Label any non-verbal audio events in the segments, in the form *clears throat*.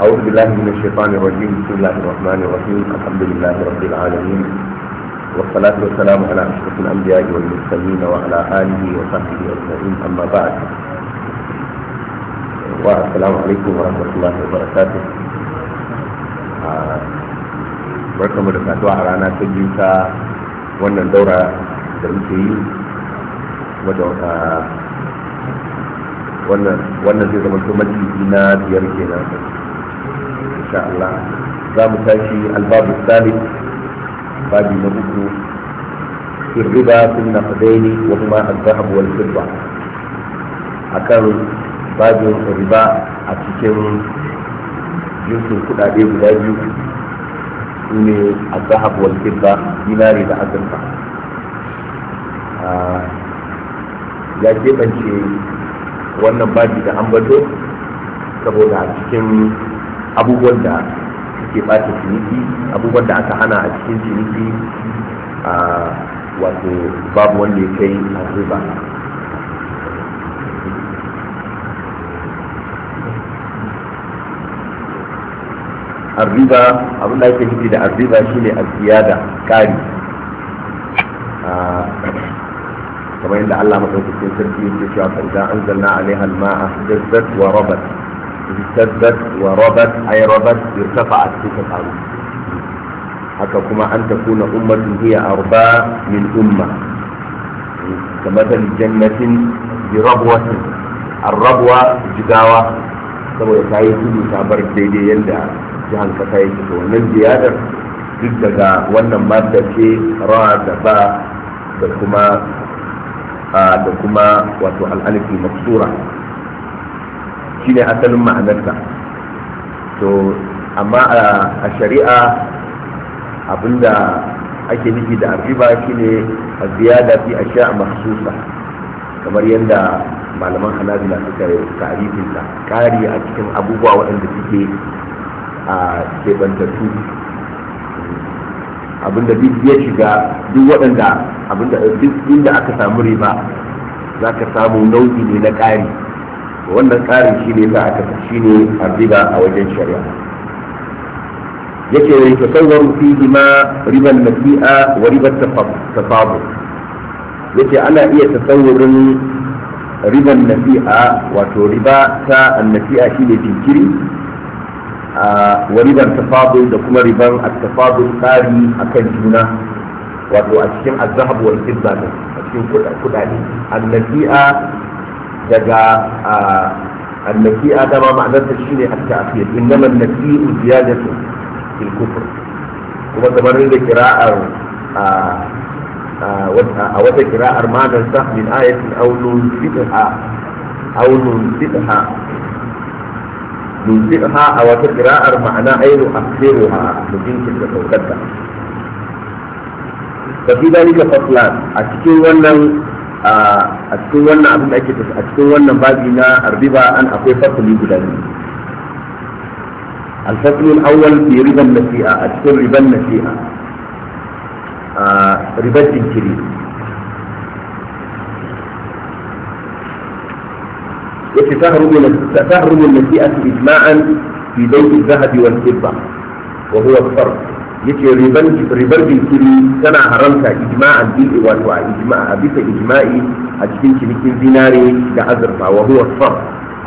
أعوذ بالله من الشيطان الرجيم بسم الله الرحمن الرحيم الحمد لله رب العالمين والصلاة والسلام على أشرف الأنبياء والمرسلين وعلى آله وصحبه أجمعين أما بعد والسلام عليكم ورحمة الله وبركاته barkamu da saduwa a rana ta biyu ta wannan daura da muke yi wannan zai zama majalisi na biyar kenan insha Allah za mu tashi albabu salis babi na uku في wa kuma النقدين وهما الذهب a kan babin riba a cikin jinsin kudade guda biyu su ne a zahab wal fidda dinari da azurfa ya keɓance wannan babi da ambato saboda a cikin abubuwan da suke ɓata ciniki abubuwan da aka hana a cikin ciniki a wato babu wanda ya kai a riba arriba abin da ake nufi da arriba shine aziyada kari kamar yadda Allah madaukakin sarki yake cewa fa idan anzalna alaiha alma'a jazzat wa rabat اهتزت وربت أي ربت ارتفعت تلك الأرض haka kuma an takuna ummatun hiya arba min umma kamatal jannatin bi rabwatin arrabwa jigawa saboda ta yi tudu ta bar daidai yadda jihar kasa yake to wannan ziyadar duk daga wannan madda ce ra da ba da kuma da kuma wato al'alifi maksura shine asalin ma'anarsa to amma a shari'a abinda ake nufi da arriba shine ziyada fi ashiya mahsusa kamar yadda malaman na suka tarifin ta kari a cikin abubuwa waɗanda suke a kebantattu abinda duk ya shiga duk waɗanda abinda duk inda aka samu riba za ka samu nau'i ne na ƙari wannan tsarin shi ne sa aka shi ne riba a wajen shari'a yake ne ta sauwar fihi ma riban nasi'a wa riban tafabu yake ana iya tasawurin riban nasi'a wato riba ta annasi'a shi ne jinkiri wa riban tafadul da kuma riban at-tafadul tsari akan juna wato a cikin azhab wal fidda a cikin kudade annasi'a daga annaki adama ma'anarta shine at-ta'khir innama an-nasi'u ziyadatu fil kufr kuma kamar da kira'ar a wata kira'ar magan sa min ayatin aw nunfitha aw nunfitha nunfitha a wata kira'ar ma'ana ainu akhiruha mujinkin da saukarta fa fi dalika faslan a cikin wannan a cikin wannan abin da ake tafi a cikin wannan babi na arriba an akwai fasali guda biyu الفصل الأول في ربا النسيئة أذكر ربا النسيئة ربا التنكيري التي تهرب النسيئة إجماعا في بيت الذهب والفضة وهو الفرق yace riban ribar jinkiri tana haramta ijma'an bi wato a ijma'a bisa ijma'i a cikin cinikin zinare da azurfa wa huwa sar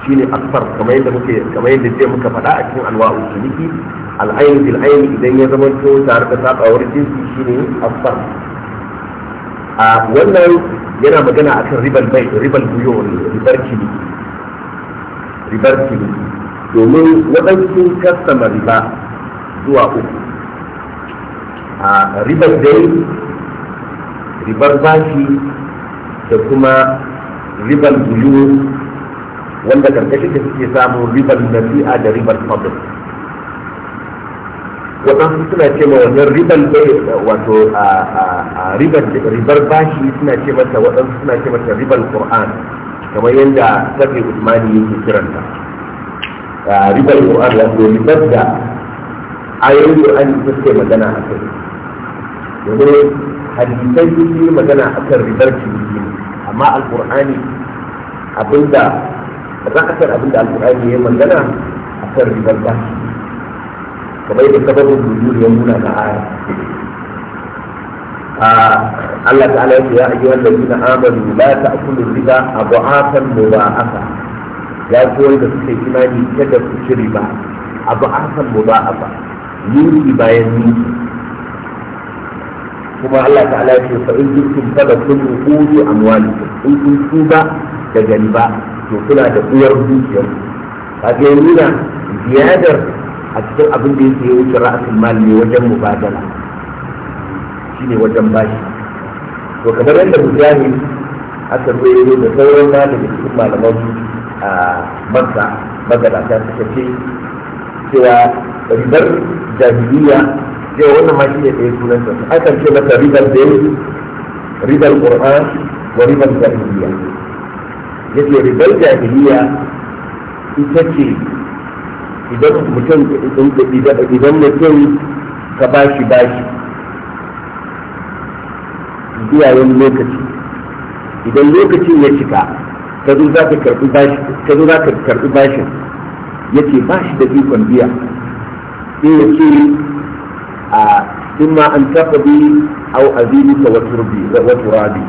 ne asfar kamar yadda muke kamar yadda sai muka faɗa a cikin alwa'u ciniki al'ayn bil ayn idan ya zama to tare da sabawar jinsi ne asfar a wannan yana magana akan ribal bai ribal buyo ribar ciniki ribar ciniki domin waɗansu kasta riba zuwa uku a ribar dai ribar bashi da kuma ribar bulu, wanda karkashin da suke samun ribar nasi'a da ribar fadl waɗansu suna ce ma wannan ribar bai wato a ribar bashi suna ce mata waɗansu suna ce mata ribar Kur'an. kamar yadda sabi usmani yake kiranta ribar qur'an wato ribar da ayoyin qur'ani suke magana a kai domin hadisai su yi magana kan ribar ciniki amma alkur'ani abinda ra'asar abinda alkur'ani ya magana kan ribar ba kamar yadda sababin rujur ya nuna na aya Allah ta'ala ya ce ya ayyuha allazina amanu la ta'kulu riba adha'afan mudha'afa ya koyar da suke imani kada ku ci riba adha'afan mudha'afa yuri bayan yuri kuma Allah ta'ala ya ce fa in kuntum fadakum uqudu amwalikum in kun tuba daga ba, to kuna da uwar dukiyar kaga ya nuna ziyadar a cikin abin da yake wuce ra'asul mal ne wajen mubadala shine wajen bashi to kamar yadda mujahid aka ruwaito da sauran ma daga cikin malaman a makka magadata ta ce cewa ribar jahiliya yau wannan ma shi ne ɗaya sunan sa akan ce masa ribar dai ribar qur'an wa ribar jahiliya yace ribar jahiliya ita ce idan mutum idan mutum ka bashi bashi wani lokaci idan lokacin ya cika ka zo za ka karɓi bashi ka zo za ka karɓi bashin yace bashi da ikon biya sai ya ce imma an tafadi au azimika wa turabi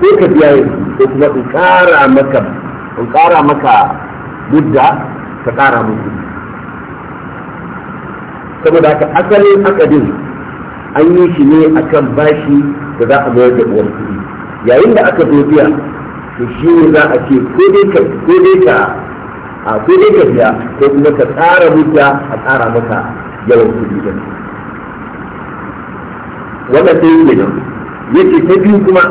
ko ka biya yanzu ko kuma in kara maka in kara maka budda ka kara saboda haka asalin akadin an yi shi ne akan bashi da za a mayar da uwar kuɗi yayin da aka zo biya to shi ne za a ce ko ka biya ko kuma ka tsara budda a tsara maka yawan kuɗi da wannan sai yake nan yake ta biyu kuma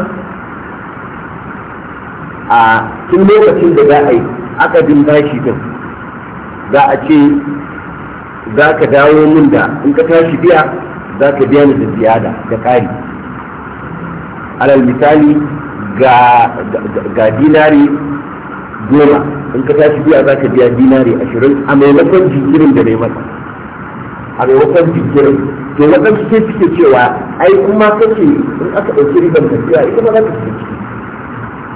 a tun lokacin da za a yi akadin bashi din za a ce za ka dawo min da in ka tashi biya za ka biya ni da ziyada da ƙari alal misali ga dinari goma in ka tashi biya za ka biya dinari ashirin a maimakon jinkirin da mai masa a maimakon jinkirin to waɗansu suke suke cewa ai in ma kace in aka dauki riban tafiya ita ma za ta ci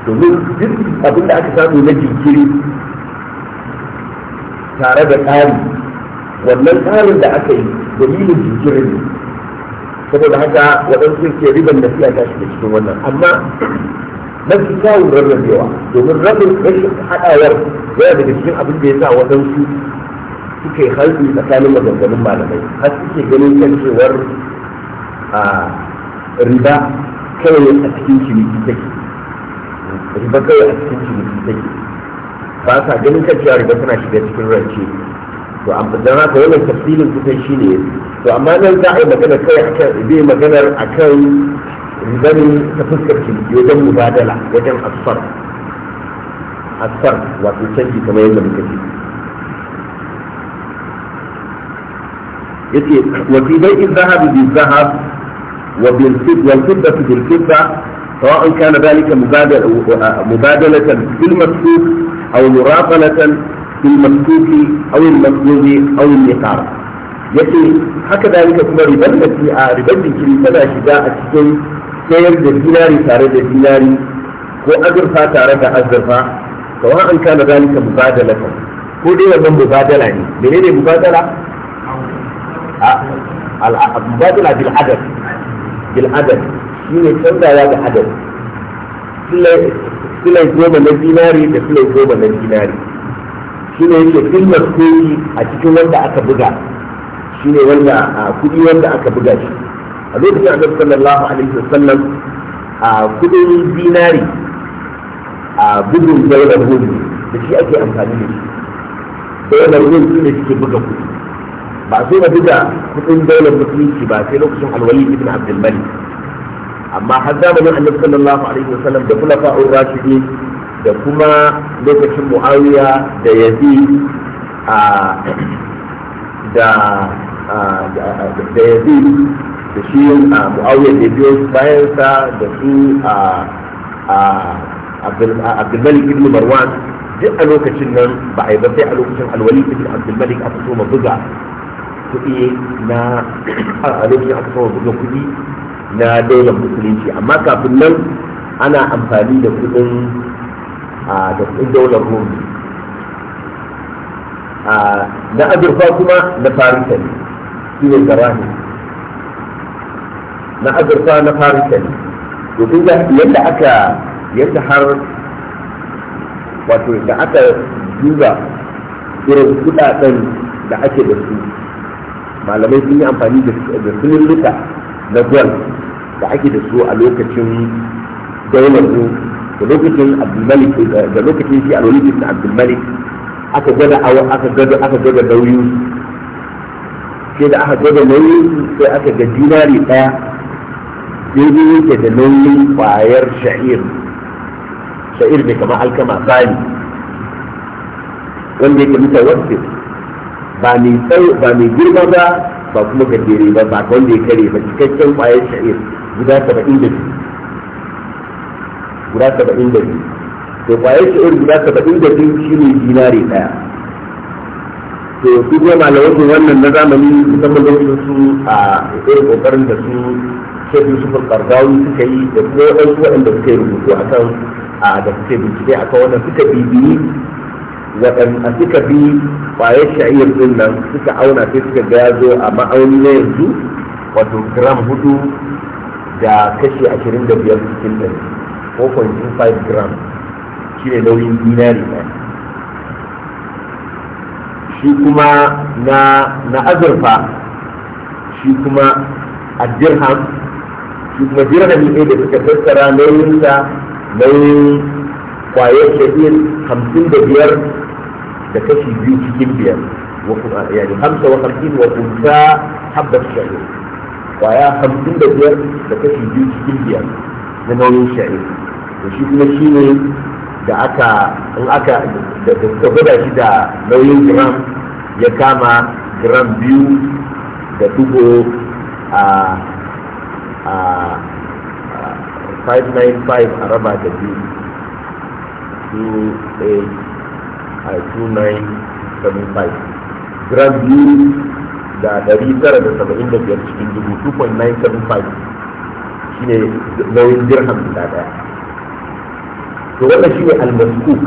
domin duk abin da aka samu na jinkiri tare da tsari wannan tsarin da aka yi dalilin jinkirin ne saboda haka waɗansu ke ribar tafiya ta shiga cikin wannan amma fi kyawun rarrabewa domin rabin rashin haɗawar zai daga cikin abin da ya sa waɗansu suke halki tsakanin maganganun malamai har suke ganin kan cewar a riba kawai a cikin ciniki take riba kawai a cikin ciniki take ba sa ganin kan cewa riba tana shiga cikin rance to amma dan haka wannan tafsirin kusan shine to amma nan za a yi magana kai akan zai maganar akan riba ta fuskar ciniki wajen mubadala wajen asfar asfar wato canji kamar yadda muka ce وفي بيع الذهب بالذهب وبالفضة والفضة بالفضة سواء كان ذلك مبادلة مبادلة في المسكوك أو مراقلة في المسكوك أو المسكوك أو النقار يكي حكى ذلك كما ربنا في آربا بكري فلا شداء الشيء سير بالدناري سارد الدناري هو أجرفا تارد أجرفا سواء كان ذلك مبادلة هو دي مبادلة يعني من مبادلة؟ al-batila bil adad bil adad shine canzawa da adad silai goma na dinari da silai goma na dinari shine yake filmar koyi a cikin wanda aka buga shine wanda kudi wanda aka buga shi a lokacin annabi sallallahu alaihi wasallam a kudin dinari a bugun daular hudu da shi ake amfani da shi daular hudu ne suke buga kudi ba sai ba duka kudin daular musulunci ba sai lokacin alwali ibn abdul malik amma har zamanin annabi sallallahu alaihi wasallam da kula fa'ur rashidi da kuma lokacin muawiya da yazid a da da yazid da shi muawiya da biyo bayan sa da su a abdulmalik ibn marwan duk a lokacin nan ba a yi ba sai a lokacin alwali ibn abdulmalik aka so ma buga kuɗi na a lokacin aka sama buga kuɗi na daular musulunci amma kafin nan ana amfani da kuɗin da kuɗin daular a na azurfa kuma na farisa ne shi ne ne na azurfa na farisa ne to kun ga yadda aka yadda har wato da aka duba irin kuɗaɗen da ake da su malamai sun yi amfani da sululluka na gwal da ake da su a lokacin daular da lokacin abdulmalik da lokacin shi a lokacin abdulmalik aka gwada aka gwada aka gwada nauyin sai da aka gwada nauyin sai aka ga dinari daya daidai yake da nauyin kwayar sha'ir sha'ir mai kamar alkama tsari wanda yake mutar wasu ba mai tsaro, ba mai girma ba ba kuma gajere ba ba wanda ya kare ba cikakken kwayar sha'ir guda saba'in da biyu guda saba'in da biyu to kwayar sha'ir guda saba'in da biyu shi ne dinare ɗaya to su kuma malamansu wannan na zamani musamman lokacin su a irin ƙoƙarin da su shek yusuf al-qardawi suka yi da kuma waɗansu waɗanda suka yi rubutu akan da suka bincike kan wannan suka bibiyi waɗanda suka bi ƙwayar sha'iyar ɗin nan suka auna sai suka ga ya zo a ma'auni na yanzu wato gram hudu da kashi ashirin da biyar cikin ɗari 4.25 gram shi ne nauyin dinari ɗaya shi kuma na azurfa shi kuma a dirham shi kuma dirhami ne da suka tattara nauyinsa nauyin kwayar shahir hamsin da biyar da kashi biyu cikin biyar yani hamsa wa hamsin wa kunsa habbar shahir kwaya hamsin da biyar da kashi biyu cikin biyar na nauyin shahir da shi kuma shi ne da aka in aka da ta gwada shi da nauyin gram ya kama gram biyu da dubu a 595 a raba da biyu 2975 gram biyu da 975 cikin dubu 2.975 shine nauyin dirham guda daya to wannan shine almaskuk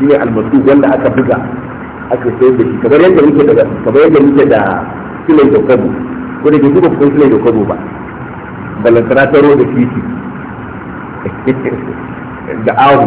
shine almaskuk wanda aka buga aka sayar da shi kamar yadda muke da kamar yadda muke da silai da kwabo ko da ke duba kuma silai da kwabo ba balantana ta da titi *laughs* da awu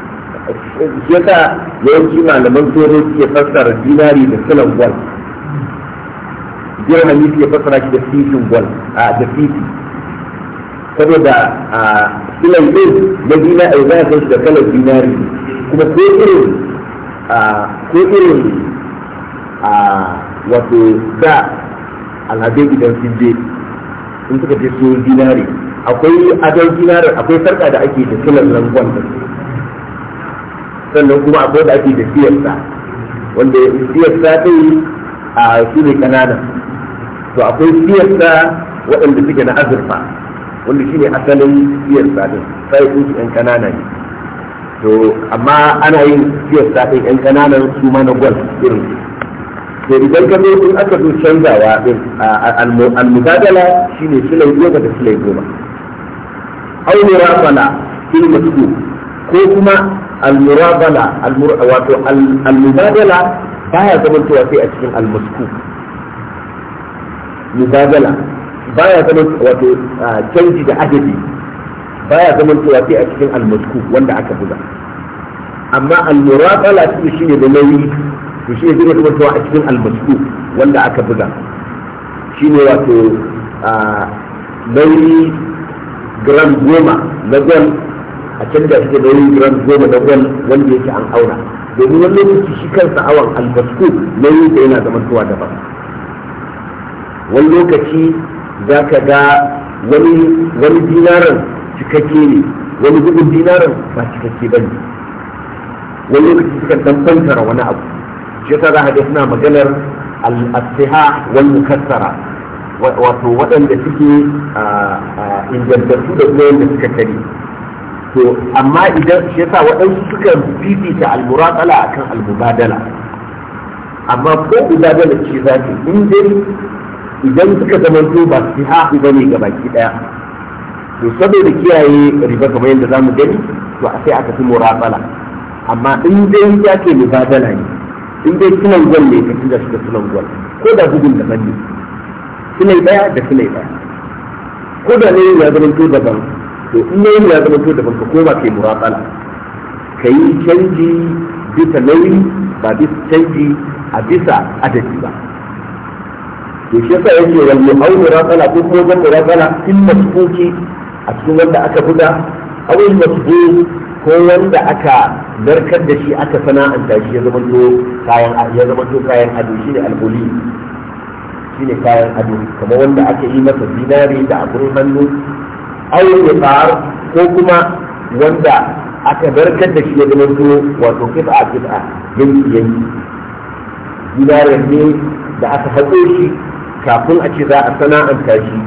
shi yasa yawanci malaman tsoro suke fassara dinari da silan gwal dirhami suke fassara shi da titin gwal a da titi saboda a silan din na dinari za a san shi da kalar dinari kuma ko irin a ko irin a wato da alhadai idan sun je in suka je so dinari akwai adon dinarin akwai sarka da ake da silan langon da su sannan kuma akwai da ake da siyarsa wanda siyarsa ta yi a su ne kanana to akwai siyarsa waɗanda suke na azurfa wanda shi ne asalin siyarsa din sai kun su 'yan kanana ne to amma ana yin siyarsa ɗin 'yan kanana su ma na gwal irin su to idan ka zo in aka zo canzawa din shi ne shi sulai goma da sulai goma aure rafala fil masku ko kuma al-murabala wato al-mubadala baya zamantowa sai a cikin al-masku ba ya zaman wato canji da adadi baya zamantowa sai a cikin almasku wanda aka buga amma al-murabala shi shine da nauyi to shi ne zai zamantowa a cikin almasku wanda aka buga Shi ne wato nauyi gram goma na gwal a can da suke nauyin gram goma da wani wanda yake an aura. domin wani lokaci shi kansa awon albasku yi da yana zama tuwa daban wani lokaci za ka ga wani dinaran cikakke ne wani gudun dinaran ba cikakke ba ne wani lokaci suka dan wani abu shi yasa za ka suna maganar al-asiha wal mukassara wato waɗanda suke ingantattu da kuma wanda suka kare to amma idan shi yasa waɗansu suka fifita almuratsala akan almubadala amma ko mubadala ce za ta in dai idan suka zamanto ba su haɗu ba ne ga baki ɗaya to saboda kiyaye riba kamar yadda za mu gani to a sai aka fi muratsala amma in dai ya ce mubadala ne in dai sunan gwal ne ka tuda shi da sunan gwal ko da gudun daban ne sunai ɗaya da sunai ɗaya ko da ne ya zamanto daban to in nauyin ya zama to daban ka koma kai muraƙala ka yi canji bisa nauyi ba bisa canji a bisa adadi ba to shi yasa yake wal mu'awu muraƙala ko kuma zan muraƙala in masfuki a cikin wanda aka buga awai masfu ko wanda aka narkar da shi aka sana'anta shi ya zama to kayan ya zama to kayan ado shi ne alƙuli shi ne kayan ado kamar wanda aka yi masa zinari da abun hannu ayyuka ko kuma wanda aka barkar da shi ya zama su wato kifa kifa yanki yanki dinarin ne da aka haɗo shi kafin a ce za a sana'anta shi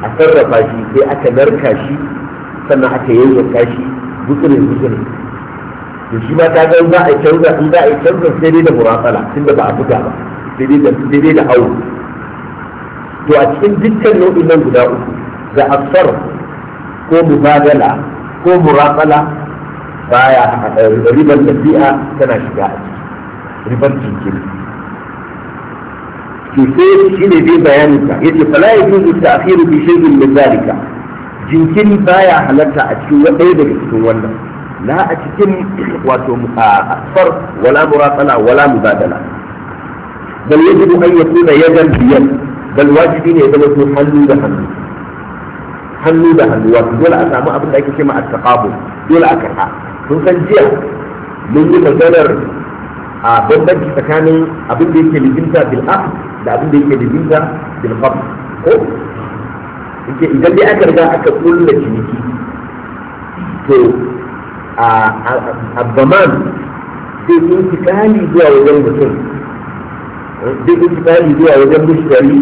a sarrafa shi sai aka narka shi sannan aka yayyanka shi butsirin butsirin da shi ma ta gan za a canza in za a canza sai dai da muratsala da ba a buga ba sai dai da awo to a cikin dukkan nau'in nan guda uku ga asar ko mubadala ko muraƙala baya ribar tafiya tana shiga a ciki ribar jinkiri ki sai shi ne zai bayani ka yace fala yajuzu ta'khiru bi shay'in min zalika jinkin baya halatta a cikin ɗaya daga cikin wannan la a cikin wato asfar wala muraqala wala mubadala bal yajibu an yakuna yadan biyan bal wajibi ne ya zama hannu da hannu hannu da hannu wato dole a samu abin da ake cewa a taqabul dole a karɓa sun san jiya mun yi maganar a bambanci tsakanin abin da yake lizinta bil da abin da yake lizinta bil ko yake idan dai aka riga aka kulla ciniki to a abbaman zai intikali zuwa wajen mutum zai intikali zuwa wajen mushtari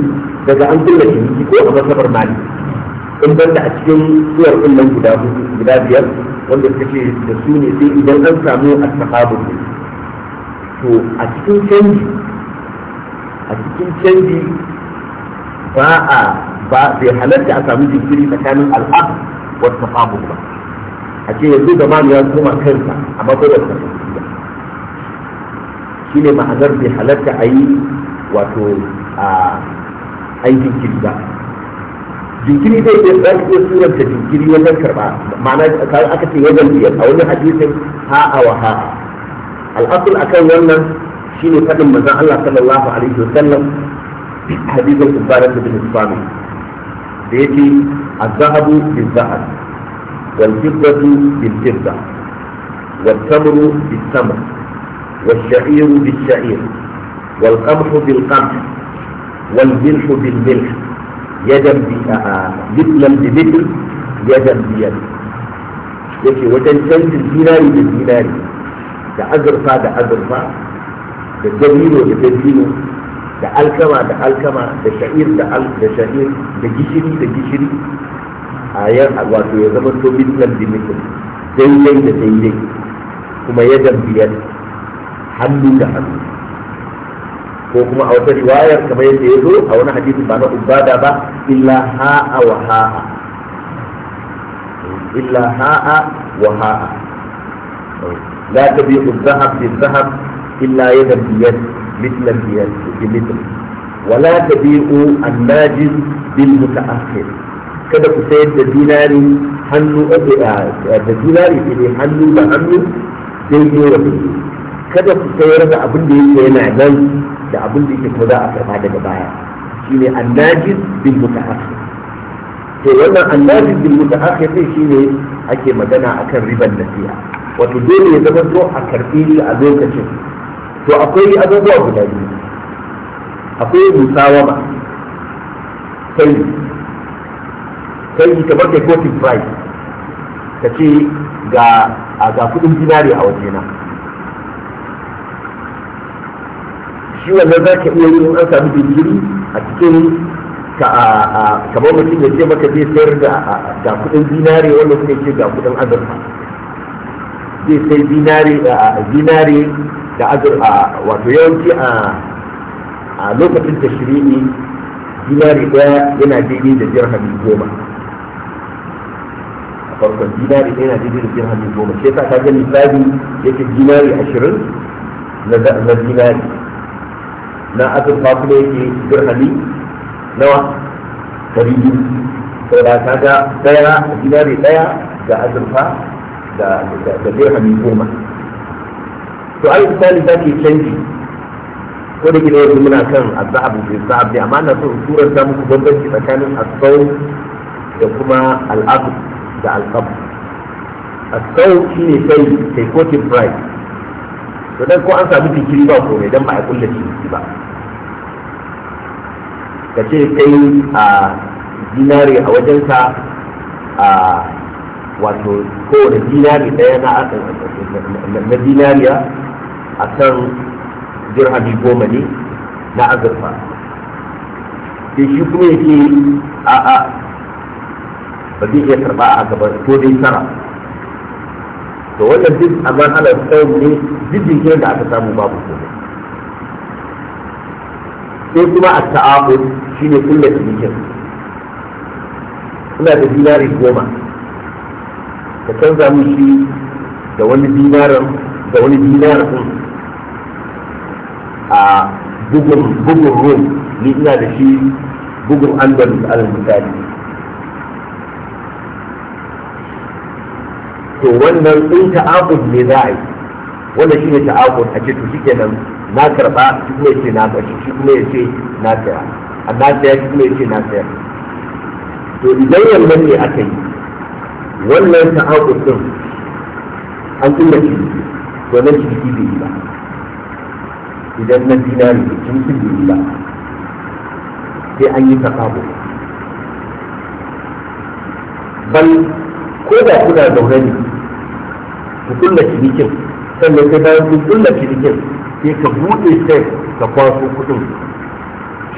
daga an kulla ciniki ko a masabar mali in banda a cikin suwar ɗin nan guda guda biyar wanda suka ce da su ne sai idan an samu a sahabin ne to a cikin canji a cikin canji ba a ba bai halatta a samu jinkiri tsakanin al'ab wa sahabin ba a ce yanzu da mani ya koma kansa a matsayin sa shi ne ma'anar bai halatta a yi wato a aikin ba? jinkiri zai iya za iya surar da jinkiri wajen karɓa ma'ana kawai aka ce wajen biyar a wani hadisin ha'a wa ha'a al'asul a kan wannan shine faɗin mazan Allah sallallahu alaihi wasallam hadisin kubarat bin Sami da yake az-zahabu biz-zahab wal-fiddatu bin fidda wal-tamru bin tamr wal-sha'iru bis-sha'ir wal-qamhu bil-qamh wal-milhu bil-milh yadan bi a mitlan bi mitl yadan biyar yake wajen canjin dinari da dinari da azurfa da azurfa da dabino da dabino da alkama da alkama da sha'ir da sha'ir da gishiri da gishiri a yan wato ya zama to mitlan bi mitl daidai da daidai kuma yadan biyar hannu da hannu ko kuma a wata riwayar kamar yadda ya zo a wani hadisi ba na ubada ba illa ha'a wa ha'a illa ha'a wa ha'a la tabi'u dhahab bi dhahab illa yadan bi yad mithla bi yad bi mithl wa la tabi'u an-najis bil muta'akhir kada ku sayar da dinari hannu da dinari ne hannu da hannu daidai wa kada ku sayar da abin da yake yana nan da abin da yake kuma za a karba daga baya Shi shine annajis bil mutaakhir to wannan annajis bil shi ne shine ake magana a ribar riban siya. wato dole ya zama to a karfi ne a lokacin to akwai abubuwa guda biyu akwai musawa ba. sai sai kamar kai kotin price ka ce ga kudin dinari a wajena shi wannan za ka iya yin an samu digiri a cikin kamar mutum ya ce maka zai sayar da ga kudin zinare wanda suka ce ga kudin azurfa zai sai zinare da azurfa wato yawanci a lokacin da shiri zinare daya yana daidai da jirhami goma a farkon zinare yana daidai da jirhami goma shi yasa ka gani misali yake zinare ashirin na zinare na azurfa kuma yake dirhami nawa ɗari biyu sau da ta ga ɗaya dinari ɗaya ga azurfa da dirhami goma to ayi misali za ki canji ko da gina yanzu muna kan azab da azab ne amma na so turar ta muku bambanci tsakanin asau da kuma al'abu da al'abu asau shine sai taikotin price to dan ko an samu jinkiri ba ko dan ba a kulle ba ka ce kai a dinari a wajensa a wato kowane dinari ɗaya na na dinariya a kan dirhami goma ne na azurfa sai shi kuma yake a a ba zai iya karba a gaba ko dai tara to wannan duk a mahalar tsawon ne duk jinkirin da aka samu babu komai sai kuma a ta'akud shi ne kulle jinkin suna da dinari goma ka canza mu shi da wani dinarin da wani dinarin a bugun bugun ni ina da shi bugun andalus alal misali to wannan in ta'akud ne za a yi wanda shi ne ta'awun a ce to shi kenan na karba shi kuma ce na karbi shi kuma ya ce na saya na saya shi kuma ya ce na saya to idan wannan ne aka yi wannan ta'awun din an kuma ciniki to nan ciniki bai yi ba idan na dinari ne shi bai yi ba sai an yi ta'awun Ban ko da kuna zaune ne ku kulla cinikin sannan sai bayan kun kulla cinikin sai ka buɗe sai ka kwaso kuɗin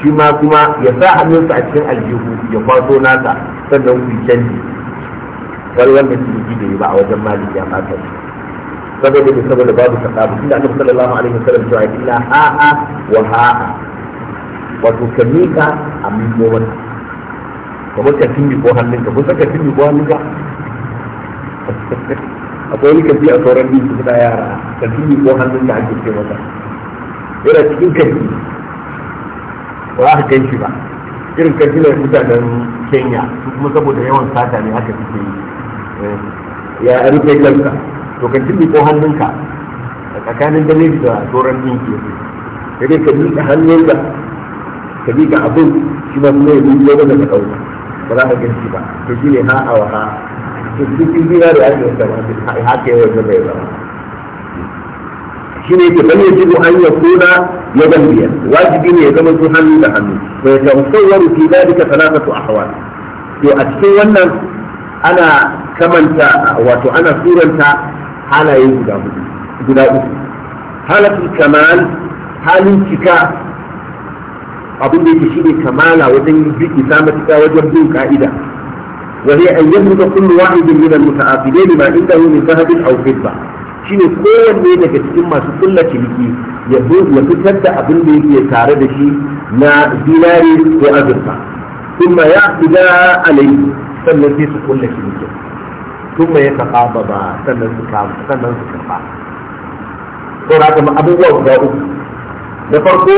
shi ma kuma ya sa hannunsa a cikin aljihu ya kwaso nasa sannan ku canji wani wanda su da yi ba a wajen maliki a mata saboda da saboda babu tsakabu inda lamu sallallahu alaihi wasallam cewa illa ha'a wa ha'a wato ka mika a miko wata kamar ka fi miko hannunka kusa ka fi miko hannunka *laughs* akwai wani kafi a sauran biyu fita yara kafi ko hannun da ake ce masa yana cikin kafi ba aka kai shi ba irin kafi na mutanen kenya su kuma saboda yawan sata ne haka suke yi eh, ya rufe kanka to ka tilli ko hannunka a tsakanin dare da sauran ɗinki sai dai ka ka hannunka ka ka abin shi ba ne ya yau da ka ɗauka ba za ka gan shi ba to shi ne ha'a wa ha'a cikin biya da ake zama haka yawan zama ya zama shi ne ke bane jiru an ya kuna ya gambiya wajibi ne ya zama su hannu da hannu bai tamsawar fi dalika salatatu ahwal to a cikin wannan ana kamanta wato ana suranta halaye guda hudu guda uku halatul kamal halin cika abin da yake shi ne kamala wajen bi isa matuƙa wajen bin ka'ida وهي أن يملك كل واحد من المتعاقدين ما عنده من ذهب أو فضة shine kowanne daga cikin masu kulla ciniki ya fitar da abin da yake tare da shi na dinari ko azurfa kuma ya fida alai sannan sai su kulla ciniki kuma ya kafa ba sannan su kama sannan su kafa saboda haka abubuwa guda uku na farko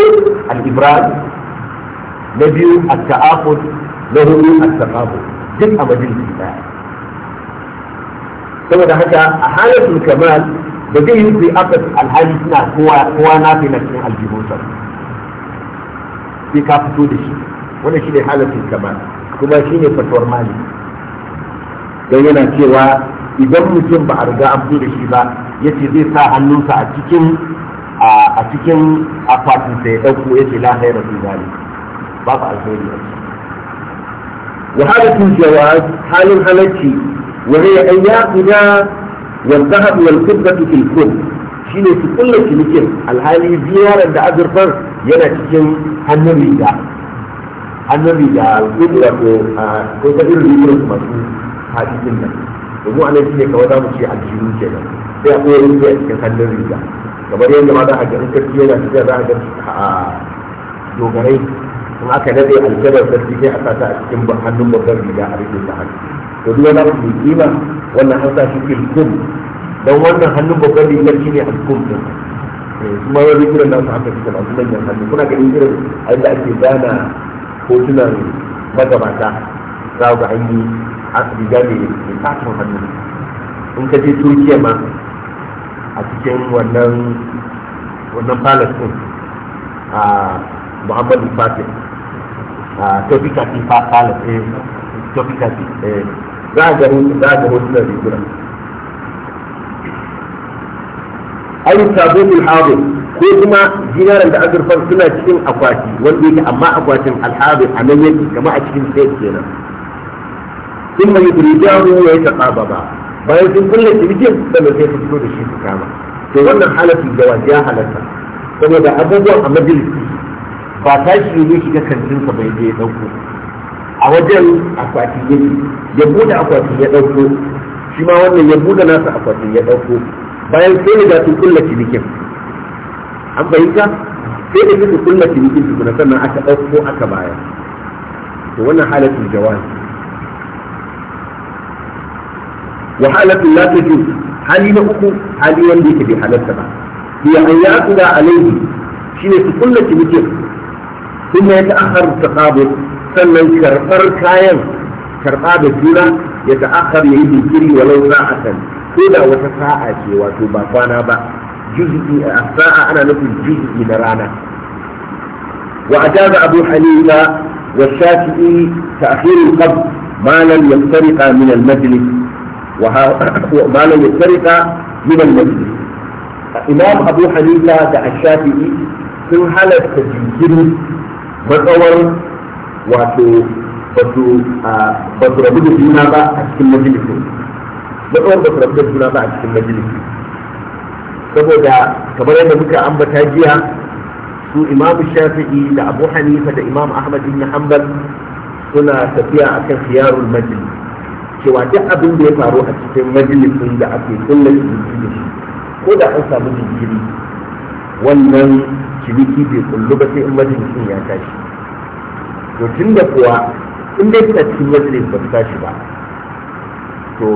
al-ibrahim na biyu at-ta'aqud na hudu at-taqabul duk a majalisi daya saboda haka a halatul kamal ba zai yi ku yi akas alhali suna kowa na fi na cikin aljihunsa sai ka fito da shi wannan shi ne halatul kamar kuma shi ne fatuwar mali don yana cewa idan mutum ba a riga an fito da shi ba yace zai sa hannunsa a cikin a cikin akwatinsa ya ɗauko yace la hayra fi babu alheri a ciki وحالة الجواز حال الحلتي وهي أن يأخذ والذهب والفضة في الكل shine su kulla cinikin alhali ziyarar da azurfar yana cikin hannun riga hannun riga kudu wato ko ta irin rigar su masu hadisin nan domin anan shine kawai za mu ce aljihu ke sai a koyar rufe a cikin hannun riga kamar yadda ma za a a dogarai in aka daɗe aljabar da suke a sata a cikin hannun babbar riga a rikin ta hannu to duk wani abu mai kima wannan an sa shi filkum don wannan hannun babbar rigar shi ne alkum din eh, kuma wani rikirar nasu haka suke masu manyan hannu kuna ganin irin da ake gana hotunan magabata za ga an yi riga mai katon hannu in ka je turkiya ma a cikin wannan wannan palace din a muhammadu fatih topika ti fa kala topika ti za a ga hotunan riguna ayin sabon alhabin ko kuma dinaran da azurfan suna cikin akwati wanda yake amma akwatin alhabin a nan yake kama a cikin sai kenan sun mai rijahu ya yi taɓa ba bayan sun kulle jirgin sannan sai su fito da shi su kama to wannan halatin jawazi ya halatta saboda abubuwan a majalisi ba tashi ne shiga kantin sa bai je ya a wajen akwati ne ya bude akwati ya dauko, shi ma wannan ya bude nasa akwati ya dauko, bayan sai ne da su kulla cinikin an fahimta sai da su kulla cinikin su na sannan aka dauko aka bayar to wannan halatul jawan, wa halatul la tajuz hali na uku hali wanda yake bai halatta ba bi an yaqda alayhi shine su kulla cinikin ثم يتأخر التقابل فمن يكرر كاين كرقاب الجولة يتأخر يهيد الجري ولو ساعة كلا وتساعة واتو فانا با جزء الساعة أنا نقول جزء من رانا وأجاب أبو حنيفة والشافعي تأخير القبض ما لم يفترق من المجلس وما *coughs* لم يفترق من المجلس إمام أبو حنيفة الشافعي في حالة تجريه matsawar wato basu rabu da juna ba a cikin majalisin matsawar basu rabu da juna ba a cikin majalisi saboda kamar yadda muka ambata jiya su imam shafi'i da abu hanifa da imam ahmad ibn hanbal suna tafiya akan khiyarul majlis cewa duk abin da ya faru a cikin majalisin da ake kullum jiki da ko da an samu jinkiri wannan ciniki bai kullu ba sai in majalisin ya tashi to tun da kuwa in dai suna cikin majalis ba su tashi ba to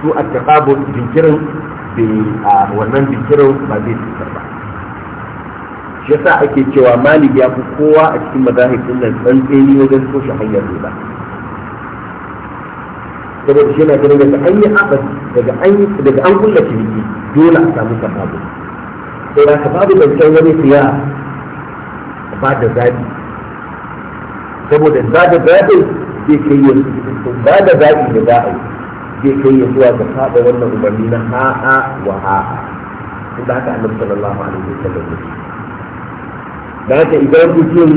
su a taɓa jinkirin a wannan jinkirin ba zai cutar ba shi yasa ake cewa malik ya fi kowa a cikin mazahibin nan tsantseni wajen toshe hanyar ba saboda shi yana ganin daga an yi abad daga an kulla ciniki dole a samu sababu sai da ka babu zancen wani siya ba da zaɓi saboda ba da zaɓin zai kai ya ba da zaɓi da za a yi zai kai ya zuwa ga faɗa wannan umarni na ha'a wa ha'a sun da haka annabi sallallahu alaihi wa sallam da haka idan mutum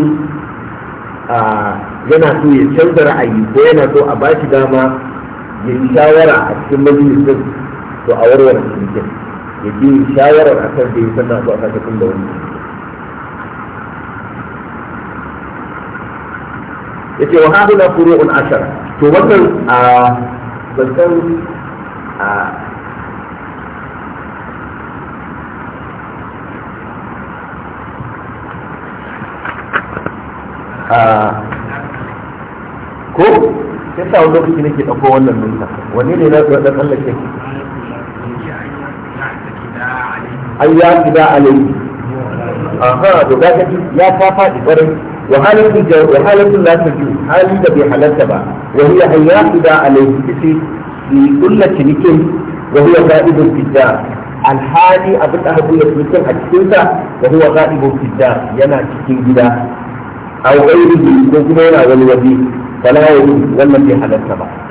yana so ya canza ra'ayi ko yana so a ba shi dama ya yi shawara a cikin majalisin to a warware cikin ya bi shawarar a kan da ya sannan zuwa ta da wani ya ce wa hadu na un ashar to wannan a zancen a ko sai sa wani lokaci nake ɗauko wannan nuna wani ne na ɗan tsallake حيات لا عليه اها لا فاقة فرق وحالة الجو وحالة لا تجوز حالة بحالة تبع وهي حيات لا عليه بسي في كل شنكين وهي غائب في الدار الحالي أبدا أبو يتمثل حتى وهو غائب في الدار ينا تكين جدا أو غيره يكون هنا والوزير فلا يجوز ولا في حالة تبع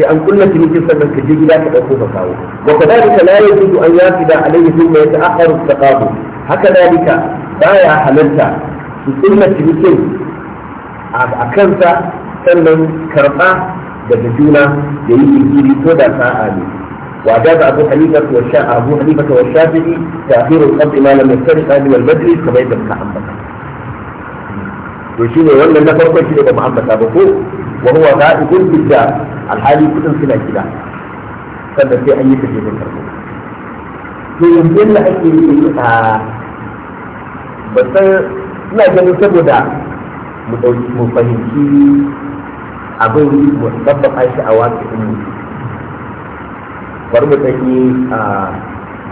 sai an kulla cinikin sannan ka je gida ka ɗauko ka kawo wa kadalika la yajuzu an yafida alayhi thumma yata'akhkharu taqabu haka dalika baya halarta su kulla cinikin a kansa sannan karɓa daga juna da yi jinkiri ko da sa'a ne wa da ga abu hanifa wa sha abu hanifa wa shafi'i ta'khirul qabd ma lam yastariqa min al-badri kamar yadda ka ambata to shine wannan na farko shi da ba mu ambata ba ko wa huwa za'idun bidda alhali kudin suna gida sanda sai an yi kashe mun karbo to yanzu yadda ake yi a basar ina ganin saboda mu dauki mu fahimci abin mu tabbata shi a wasu mutu. bari mu ɗanyi a ah,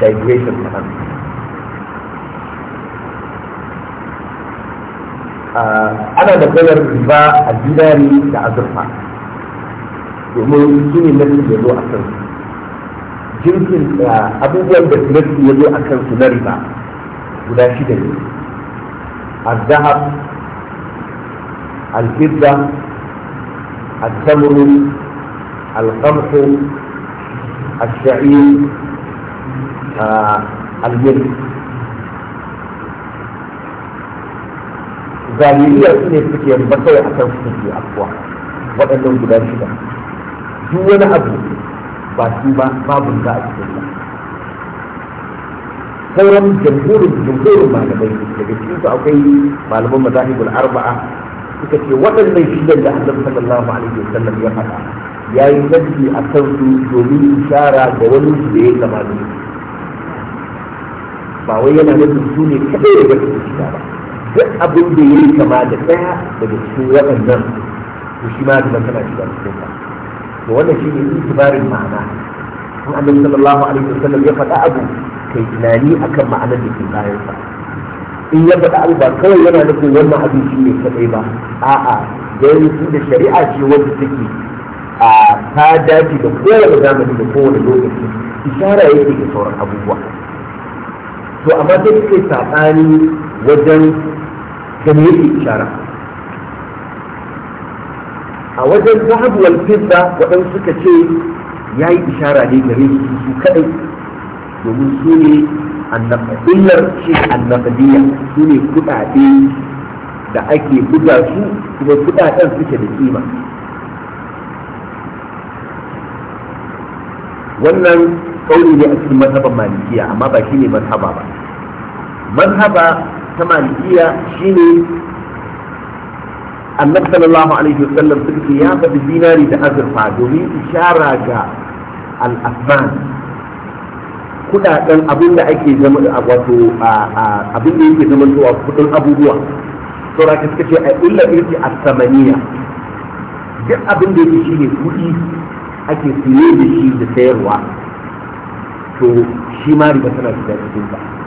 digression kaɗan ana maganar riba a dinari da azurfa domin su ne nasu ya zo a kan jirgin abubuwan da nasu ya zo a kan su na riba guda shida ne الذهب الفضة التمر القمح الشعير الملك zaliliyar su ne suke yamma kawai a kan suke ke afuwa waɗannan guda shida duk wani abu ba su ba babu za a cikin ba sauran jamhurin jamhurin malamai daga cikin su akwai malaman mazahibul arba'a suka ce waɗannan shidan da annabi sallallahu alaihi wasallam ya faɗa ya yi nabi a kan su domin ishara ga wani da ya gabata ba wai yana nufin su ne kaɗai daga cikin shida ba duk abin da ya yi kama da ɗaya daga cikin waɗannan to shi ma da tana shiga cikin ta to wannan shi ne itibarin ma'ana in annabi sallallahu alaihi wasallam ya faɗa abu kai tunani akan ma'anar da ke bayan sa in ya faɗa abu ba kawai yana nufin wannan abin shi ne kaɗai ba a'a don su da shari'a ce wanda take a ta dace da kowane zamani da kowane lokaci ishara yake da sauran abubuwa to amma sai kai saɓani wajen da me yake ishara a wajen zahabu wal fidda waɗansu suka ce ya yi ishara ne gare su su kaɗai domin su ne annafadiyar ce annafadiyar su ne kuɗaɗe da ake buga su kuma kuɗaɗen suke da kima wannan kauli ne a cikin mazhaban malikiya amma ba shi ne mazhaba ba mazhaba ta malikiya shine annabi sallallahu alaihi wasallam suka ce ya faɗi dinari da azurfa domin ishara ga al'afman kudaden abin da ake zama a wato abin da yake zama zuwa kudin abubuwa saura ka suka ce a illa irki a samaniya duk abin da yake shi ne kudi ake siye da shi da sayarwa to shi ma riba tana shiga cikin ba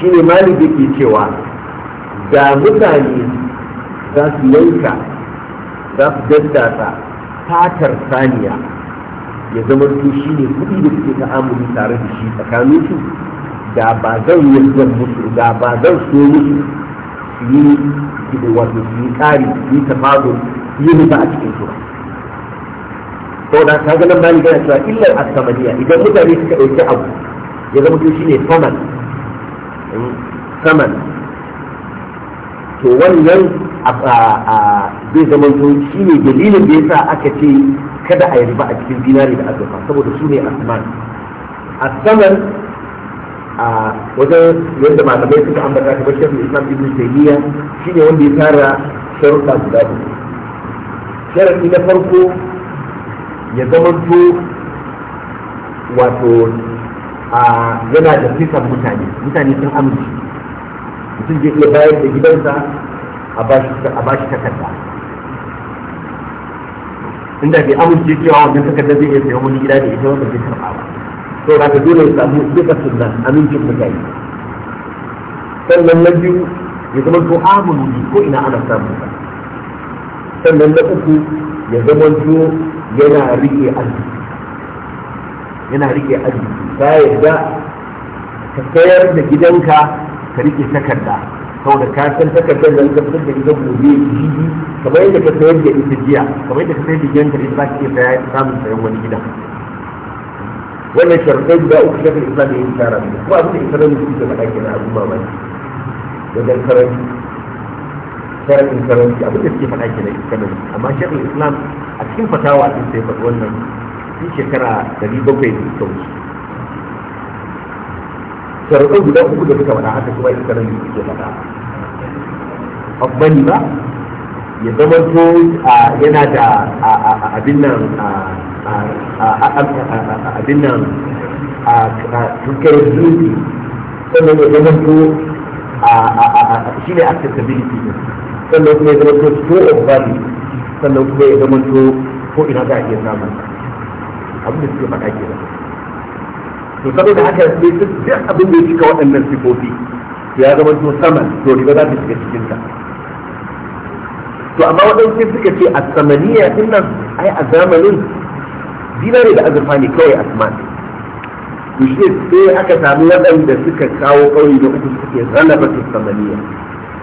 shi ne Malibu ke cewa da mutane za su yanka za su daddasa fatar saniya ya zama su shi ne kuɗi da suke ta'amuli tare da shi tsakanin su da ba zan yanzu musu da ba zan so musu su yi da wato su yi ƙari su yi tafado su yi riba a cikin su saboda ka ga nan malik gana cewa illar asamaniya idan mutane suka ɗauki abu ya zama to shi ne famal saman to wannan zai zama to shi ne dalilin da ya sa aka ce kada a yi ba a cikin dinari da azurfa saboda su ne asman asaman a wajen yadda malamai suka ambata ta bashar islam ibn taymiya shi ne wanda ya tara sharuɗa guda biyu sharaɗi na farko ya zama to wato yana da sifar mutane mutane sun amince mutum zai iya bayar da gidansa a bashi takarda inda bai amince cewa wannan takarda zai iya sayan wani gida da ita wanda zai karɓa ba to za ka dole ya samu duka sunna amincin mutane sannan na biyu ya zama to amuru ko ina ana samun sa sannan na uku ya zama to yana rike arziki yana rike arziki ta yarda ka sayar da gidanka ka rike takarda saboda ka san takardar da ka fitar da gidan gobe jibi kamar yadda ka sayar da ita jiya kamar yadda ka sayar da gidanka da za ka iya samun sayan wani gidan wannan sharɗai guda uku shafi islam ya yi tara ne kuma abin da isa da mutum da faɗa kenan abin mamaki wajen karanci karanci karanci abin da suke faɗa kenan isa da amma shafi islam a cikin fatawa sun sai faɗi wannan shi shekara dari bakwai da suka wuce sarrafa guda uku da suka wada haka kuma yi karan da suke fada abbali ba ya zama to yana da abin nan abin nan tukar zuci sannan ya zama to shi ne accessibility sannan kuma ya zama to store of value sannan kuma ya zama to ko ina za a iya samun abin da suke faɗa ke to saboda haka sai duk abin da ya cika waɗannan sifofi ya zama to saman to riba za ta shiga cikin ta to amma waɗansu suka ce a samaniya din nan ai a zamanin dinare da azurfa ne kawai asman to shi sai aka sami waɗanda suka kawo ƙauye da uku suke zanaba su samaniya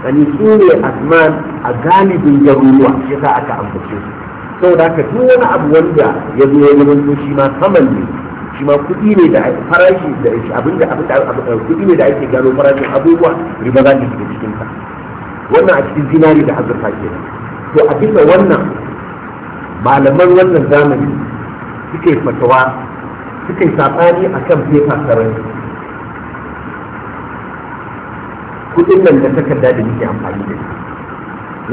yani su ne asman a galibin garuruwa ya sa aka ambace su Sau da, ka duk wani abu wanda ya zo ya zama shi ma saman ne shi ma kuɗi ne da farashi da abin da abin da kuɗi ne da ake gano farashin abubuwa riba za ta shiga cikin ka wannan a cikin zinari da azurfa ke to a bisa wannan malaman wannan zamani suke fatawa suke saɓani a kan fefa sarari kuɗin nan da takarda da muke amfani da shi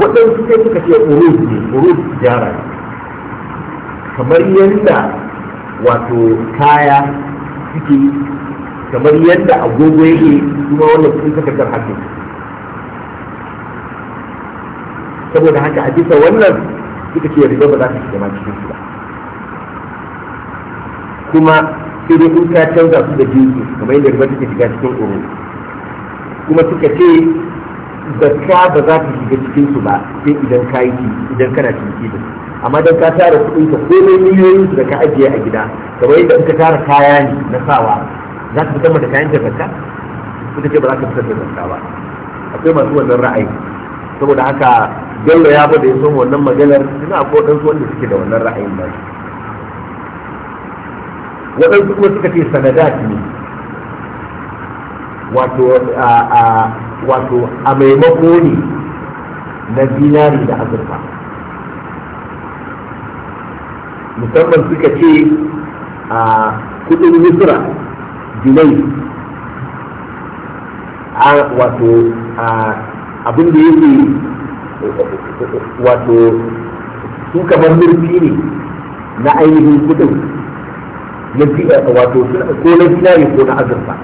waɗansu sai suka ce uruz ne uruz tijara ne kamar yadda wato kaya suke kamar yadda agogo yake kuma wannan sun takardar haka saboda haka a bisa wannan suka ce riba ba za ta shiga cikin su ba kuma sai dai in ka canza su da jinsi kamar yadda riba take shiga cikin uru kuma suka ce zakka ba za ta shiga cikin su ba sai idan ka yi idan kana ciniki da su amma dan ka tara kuɗi ka komai miliyoyin da ka ajiye a gida kamar yadda ka tara kaya ne na sawa za ka fitar da kayan zakka suka ce ba za ka fitar da zakka ba akwai masu wannan ra'ayi saboda haka bello ya bada ya san wannan maganar suna ko dan wanda suke da wannan ra'ayin ba waɗansu kuma suka ce sanadat ne wato a wato a maimako ne na zinari da azurfa musamman suka ce a kudin misra dinai a wato abin da yake wato su kamar murfi ne na ainihin kudin wato ko na zinari ko na azurfa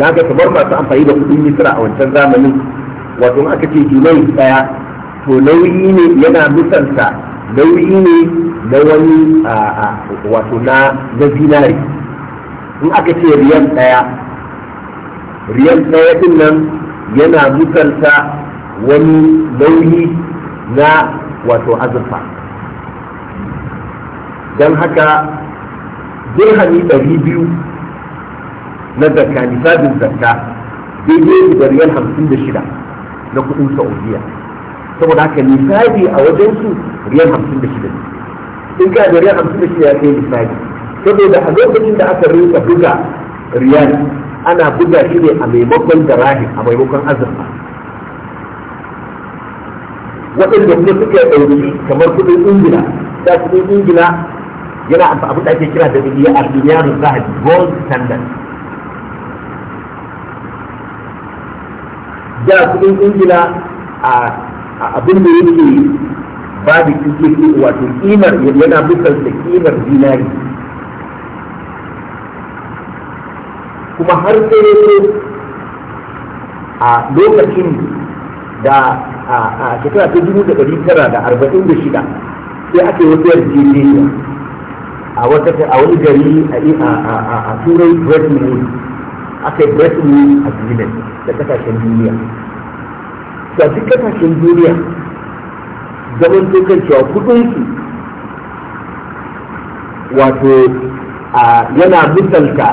da ga kamar masu amfani da kudin misra a wancan zamanin wato aka ce dinai daya to nauyi ne yana misalta nauyi ne na wani wato na na zinari in aka ce riyal ɗaya riyal ɗaya din nan yana misalta wani nauyi na wato azurfa don haka dirhami ɗari biyu na zakka nisabin zakka daidai da riyal hamsin da shida na kuɗin saudiya saboda haka nisabi a wajensu riyal hamsin da shida ne in ka da riyal hamsin da shi ya kai misali saboda a lokacin da aka rinka buga riyal ana buga shi ne a maimakon rahi a maimakon azurfa waɗanda kuma suka yi ɗauri kamar kuɗin ingila ta kuɗin ingila yana abin da ake kira da biliyar a duniyar gold standard da kuɗin ingila a abin da yake babu cikin wato kimar yana bukan da kimar zinari kuma har sai ne a lokacin da a shekara ta dubu da ɗari tara da arba'in da shida sai aka yi wata yarjejeniya a wata a wani gari a turai Bretton aka yi Bretton a zinari da kasashen duniya da duk kasashen duniya zaman kan cewa kudinsu wato yana misalta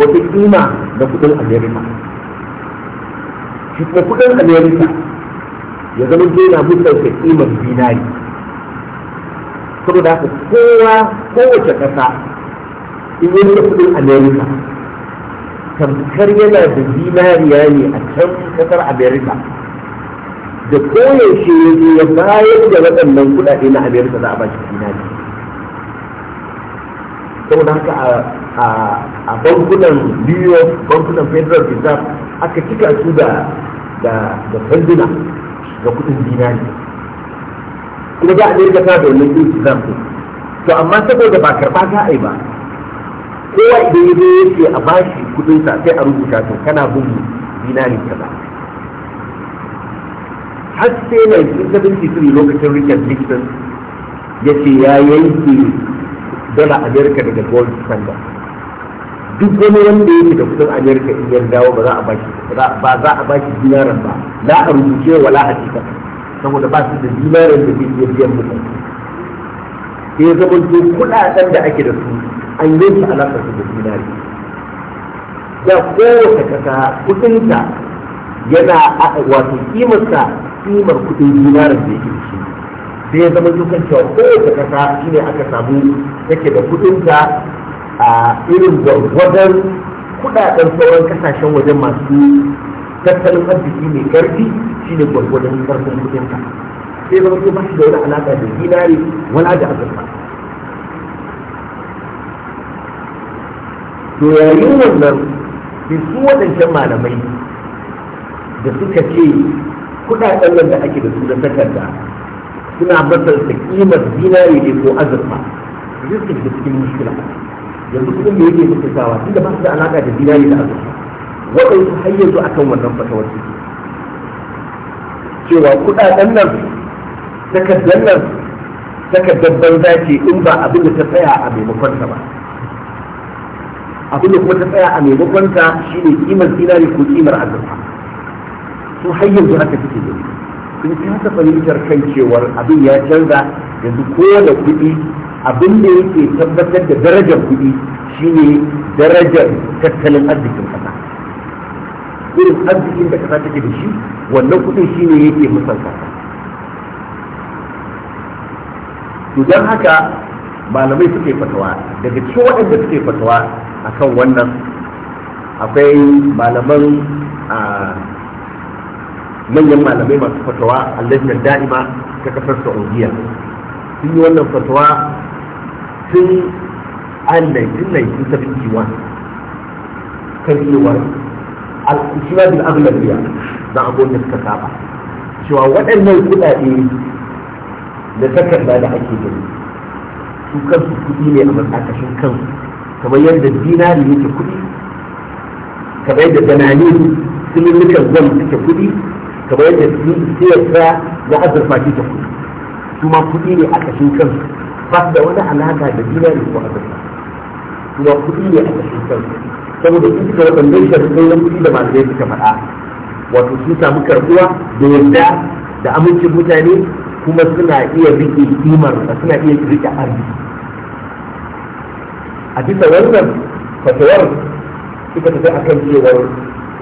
wata kima da kudin amerika shi kudin amerika ya zama yana misalta kimar binari saboda haka kowa kowace ƙasa in yi da kudin amerika tamkar yana da zinariya ne a can ƙasar amerika da shi ya zo ya bayar da waɗannan kuɗaɗe na amerika za a bashi Sau da haka a bankunan new york bankunan federal reserve aka cika su da da sanduna da kuɗin dinari kuma za a ɗaya ta da wani iltizam ɗin to amma saboda ba karɓa za a yi ba kowa idan ya zo ce a bashi kuɗinsa sai a rubuta to kana bin dinari kaza har sai su lokacin richard nixon ya ce ya yanke dala amerika daga gold standard duk wani wanda yake da kudin amerika in ya dawo ba za a bashi ba za a bashi dinaran ba la a rubuce wa a cika saboda ba su da dinaran da zai iya biyan mutane sai zama to kudaden da ake da su an yi su alaƙar su da dinari da kowace kasa kudinta yana wato kimarsa kimar kudin dinarin da yake shi sai ya zama dukan cewa kowace kasa shine aka samu yake da kudinta a irin gwargwadon kudaden sauran kasashen wajen masu tattalin arziki mai karfi shine gwargwadon karfin kudinta sai zama ko ba shi da wani alaka da dinari wala da azurfa to yayin wannan sai su waɗancan malamai da suka ce kudaden nan da ake da su na takarda suna masarsa kimar zinari ne ko azurfa zai suka shiga cikin mushkila yanzu kudin da yake mututawa inda ba su da alaka da zinari da azurfa waɗansu har yanzu akan wannan fatawar suke cewa kudaden nan takardar nan takardar banza ce in ba abin da ta tsaya a maimakon ta ba abin da kuma ta tsaya a maimakon ta shine kimar zinari ko kimar azurfa su har yanzu haka suke yi sun haka fahimtar kan cewar abin ya canza yanzu ko da kuɗi abin da yake tabbatar da darajar kuɗi shine darajar tattalin arzikin kasa irin arzikin da kasa take da shi wannan kuɗin shine yake kasa to don haka malamai suke fatawa daga cikin waɗanda suke fatawa akan wannan akwai malaman a ah, manyan malamai masu fatawa allajnar da'ima ta kasar saudiya sun yi wannan fatawa tun an 1971 kan cewar al-ishma bil aghlabiya da abun da suka saba cewa waɗannan kuɗaɗe da takarda da ake gani su kansu kuɗi ne a matsakashin kansu kamar yadda dinari yake kuɗi kamar yadda danane silulukan zan suke kuɗi kamar yadda siyarsa na azurfa shi ta kuɗi su ma kuɗi ne a ƙashin kansu ba su da wani alaƙa da ne ko azurfa su ma kuɗi ne a ƙashin kansu saboda su suka waɗannan sharuɗai na kuɗi da malamai suka faɗa wato sun samu karɓuwa da yadda da amincin mutane kuma suna iya riƙe kimar suna iya riƙe arziki a bisa wannan fasawar suka tafi akan cewar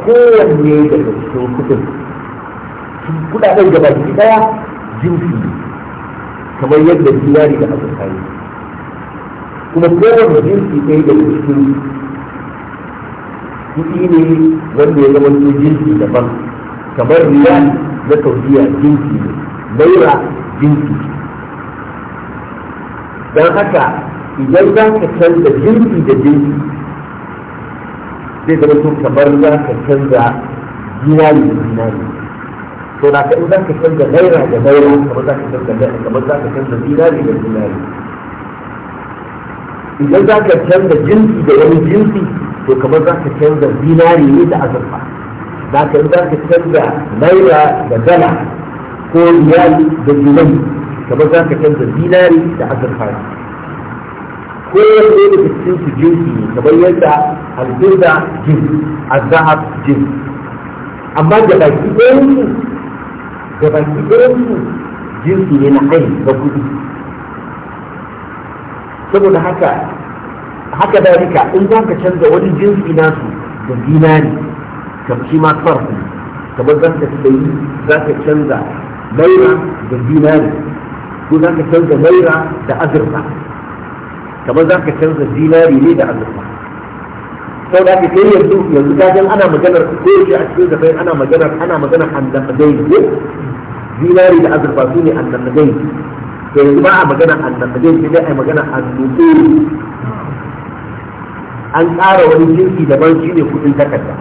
kowanne daga cikin kuɗin kudaden gaba ki daya jinsi kamar yadda dinari da azurfa ne kuma da jinsi ɗaya da cikin kuɗi ne wanda ya zama jinsi daban kamar riyal na saudiya jinsi ne naira jinsi don haka idan za ka canza jinsi da jinsi zai zama kamar za ka canza dinari da dinari to da ka in za ka canza naira da naira kamar za ka canza kamar za ka canza dinari da dinari idan za ka canza jinsi da wani jinsi to kamar za ka canza dinari ne da azurfa za ka in za ka canza naira da dala ko riyal da dinari kamar za ka canza dinari da azurfa ko wani daga cikin su jinsi ne kamar yadda albirda jin azahab jin amma da baki ɗayan da baki ɗayan jinsi ne na ainihin ga kudi saboda haka haka dalika in za ka canza wani jinsi nasu da zinari ka shi ma sarfu kamar za ka sayi za ka canza naira da zinari ko za ka canza naira da azurfa kamar za ka canza zinari ne da azurfa sau da ke yanzu yanzu kajin ana maganar ko yaushe a cikin zafai ana maganar ana maganar annabdai ko zinari da azurfa su ne annabdai to yanzu ba a magana annabdai sai dai a magana annabdai an tsara wani jinsi daban shi ne kudin takarda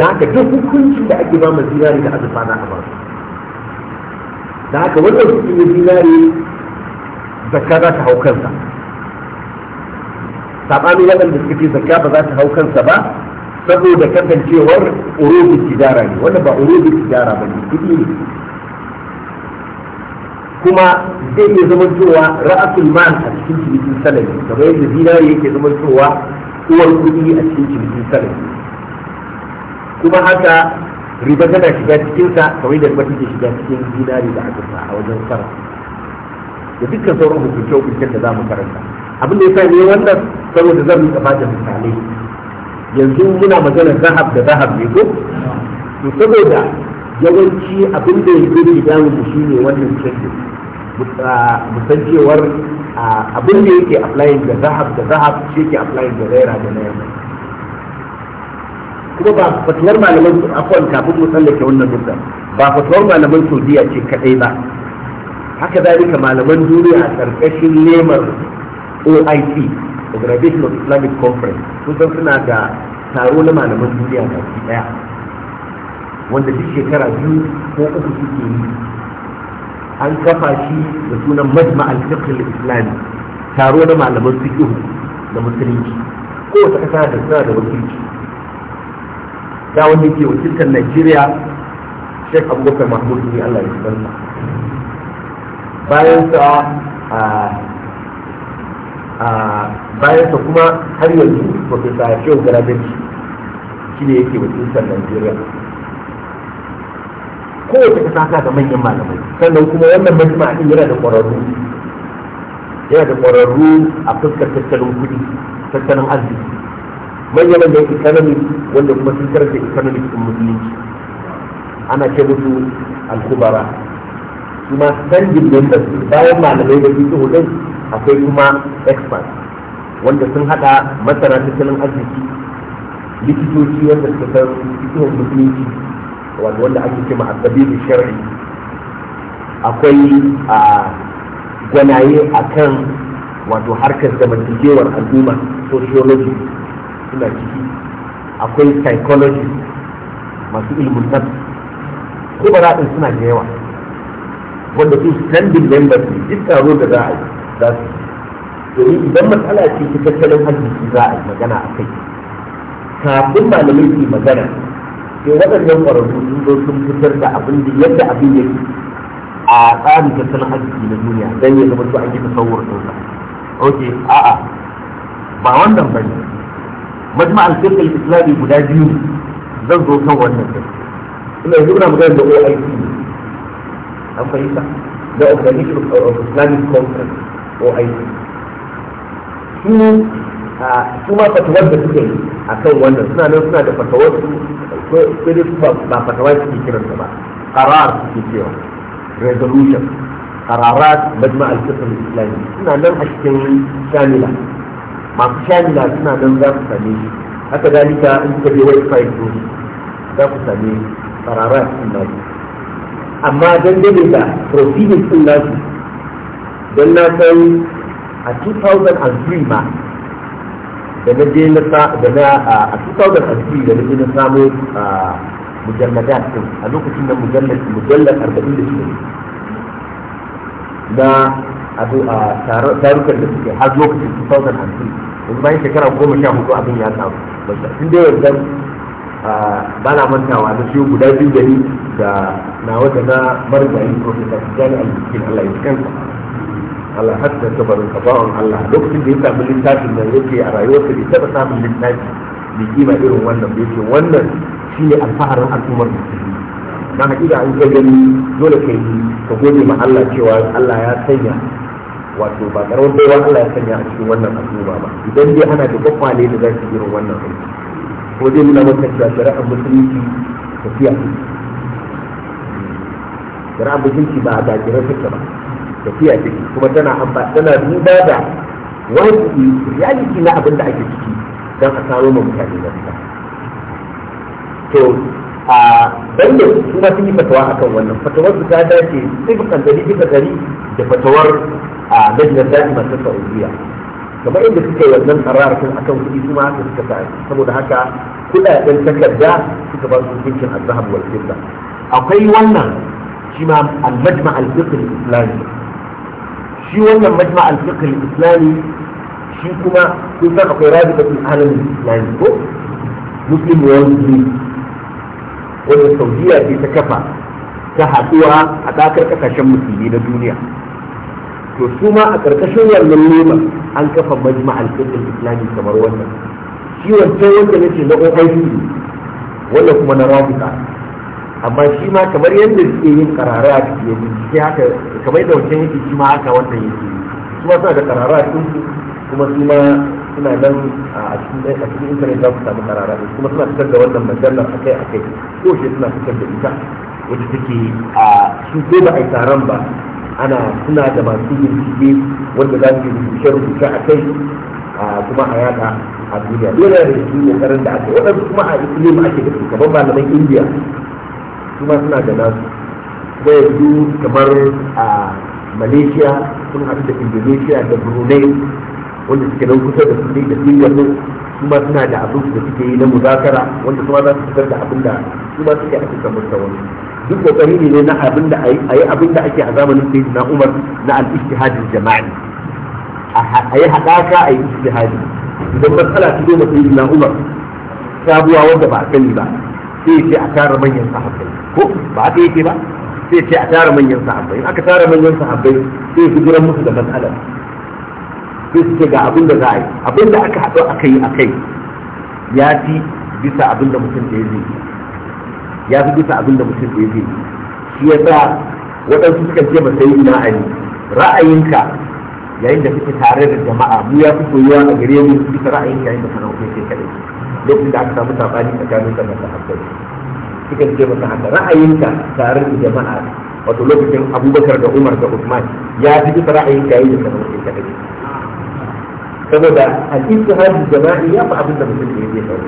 da haka duk hukuncin da ake ba ma zinari da azurfa za a ba su da haka wannan hukuncin zinari zakka za ta hau kansa sabanin waɗanda suka ce zakka ba za ta hau kansa ba saboda kasancewar urubin tijara ne wanda ba urubin tijara ba ne kuɗi ne kuma zai iya zama cewa ra'asul mal a cikin cinikin salami kamar yadda zinari yake zama cewa uwar kuɗi a cikin cinikin salami kuma haka riba tana shiga cikinsa kamar yadda riba take shiga cikin zinari da azurfa a wajen sarrafa da dukkan sauran hukunce-hukuncen da za mu karanta abin da ya sa ne wannan saboda zan rika bada misalai yanzu muna magana zahab da zahab ne ko to saboda yawanci abin da ya ke damu da shi ne wannan canjin musancewar abin da yake applying da zahab da zahab shi ke applying da naira da naira kuma ba fatuwar malaman akwai kafin mu tsallake wannan nukta ba fatuwar malaman saudiya ce kadai ba haka zalika malaman duniya a ƙarƙashin lemar oic organization of islamic conference kusan suna da taro na malaman duniya da ke daya wanda duk shekara biyu ko uku suke yi an kafa shi da sunan majma al-fiqh islami taro na malaman fiqh da musulunci ko wata kasa da suna da wakilci ya wanda ke wakiltar Najeriya Sheikh Abubakar Mahmud ne Allah ya shigar bayan sa ah, a bayansa kuma har yanzu profesa shehu garabenci shi ne yake wakiltar najeriya kowace kasa ta ga manyan malamai sannan kuma wannan majima din yana da kwararru yana da kwararru a fuskar tattalin kudi tattalin arziki manyan manyan economy wanda kuma sun karanta economic din musulunci ana ce musu alkubara su ma da members bayan malamai da su hudun akwai kuma experts wanda sun hada masana tattalin arziki likitoci wanda suka san fitowar musulunci wato wanda ake cewa a da shari'i akwai a gwanaye a kan wato harkar zamantakewar al'umma sociology suna ciki akwai psychology masu ilimin nan ko ba suna da yawa wanda su standing members ne duk taro da za a yi za su yi. idan matsala ce ta tattalin arziki za a yi magana a kai kafin malamai su magana sai waɗannan ƙwararru sun zo sun fitar da abin da yadda abin yake a tsarin tattalin arziki na duniya don ya zama su an yi tasawur ɗinsa ok a'a ba wannan ba ne majma al islami guda biyu zan zo kan wannan da. ina yanzu ina magana da OIC an fahimta da Organization of Islamic Conference ko aiki su su ma fatawar da suke yi a kan wannan suna nan suna da fatawar su sai dai ba fatawa suke kiranta ba qarar suke cewa resolution qararat majma' al-fiqh al-islami suna nan a cikin shamila masu shamila suna nan za su same shi haka dalika in kuka je website din za ku same qararat din amma dangane da proceedings din nasu don na san a 2003 ma da na je na sa da na a 2003 da na je na samu a mujalladat din a lokacin da mujallar mujallar 46 na abu a tarukan da suke har lokacin 2003 yanzu bayan shekara goma sha hudu abin ya samu tun da yanzu ba na mantawa na siyo guda biyu da ni da na wata na marigayi professor Tijjani al Allah ya kansa Allah har da kabarin kabawan Allah lokacin da ya samu littafin nan yake a rayuwarsa bai taɓa samun littafi bai kima irin wannan bai ce wannan shi ne alfaharin al'ummar musulmi na hakika an ga gani dole kai ka gode ma Allah cewa Allah ya sanya wato ba karawar baiwa Allah ya sanya a cikin wannan al'umma ba idan dai ana da kwakwale da za su irin wannan aiki ko zai nuna maka cewa shari'ar musulunci tafiya shari'ar musulunci ba a gajirar take ba tafiya take kuma tana amfani tana duba da wani reality na abin da ake ciki don a samu ma mutane da mafita to a banda kuma sun yi fatawa akan wannan fatawar su ta dace tsibikan gari bisa gari da fatawar a majalar daji masu saudiya kamar inda suke wannan tsararrakin akan kuɗi kuma haka suka sa saboda haka kuɗaɗen takarda suka ba su hukuncin azhab wal akwai wannan shi ma al-majma al-fiqh al-islami shi wannan majma al-fiqh al-islami shi kuma kun san akwai rabitul alam al-islami ko muslim world league wanda saudiya ce ta kafa ta haduwa a dakar kasashen musulmi na duniya to su ma a karkashin wannan nema an kafa majma al-fiqh al-islami kamar wannan shi wannan wanda nake na OIC wannan kuma na rabita amma shi ma kamar yadda suke yin karara a cikin yanzu shi haka kamar yadda wancan yake shi ma haka wannan yake su ma suna da karara a cikin su kuma su ma suna nan a cikin a cikin intanet za su samu karara da kuma suna fitar da wannan majalar akai akai ko shi suna fitar da ita wacce take a su ko ba a yi taron ba ana suna da masu yin bincike wanda za su yi rubuce rubuce a kai kuma a yada a duniya dole da su karanta da aka waɗansu kuma a ilimin ake da su kamar malaman indiya su ma suna da nasu zai yanzu kamar a malaysia sun haɗu da indonesia da brunei wanda suke nan kusa da su da singapore din su ma suna da abin da suke yi na muzakara wanda su ma za su fitar da abin da su ma suke a cikin wani duk kokari ne na abin da a yi abin da ake a zamanin sai na umar na al-ijtihadin jama'i a yi haɗaka a yi ijtihadi idan matsala ta zo da sai na umar sabuwa wanda ba a sani ba sai ce a tara manyan sahabbai ko ba a yake ba sai ce a tara manyan sahabbai aka tara manyan sahabbai sai su jira musu da matsalar sai su ce ga abin da za a yi abin da aka haɗu aka yi a kai ya fi bisa abin da mutum ɗaya zai ya fi bisa abin da mutum ɗaya zai shi ya sa waɗansu suka ce ba sai ina ali ra'ayinka yayin da kake tare da jama'a mu ya fi soyuwa a gare mu bisa ra'ayinka yayin da kana kai kaɗai lokacin da aka samu sabani tsakanin sa da sahabbai suka ce masa haka ra'ayinka tare da jama'a wato lokacin abubakar da umar da usman ya fi bisa ra'ayin kayi da kamar sai ka dade saboda al-istihadi jama'i ya fa abin da mutum ya yake sauka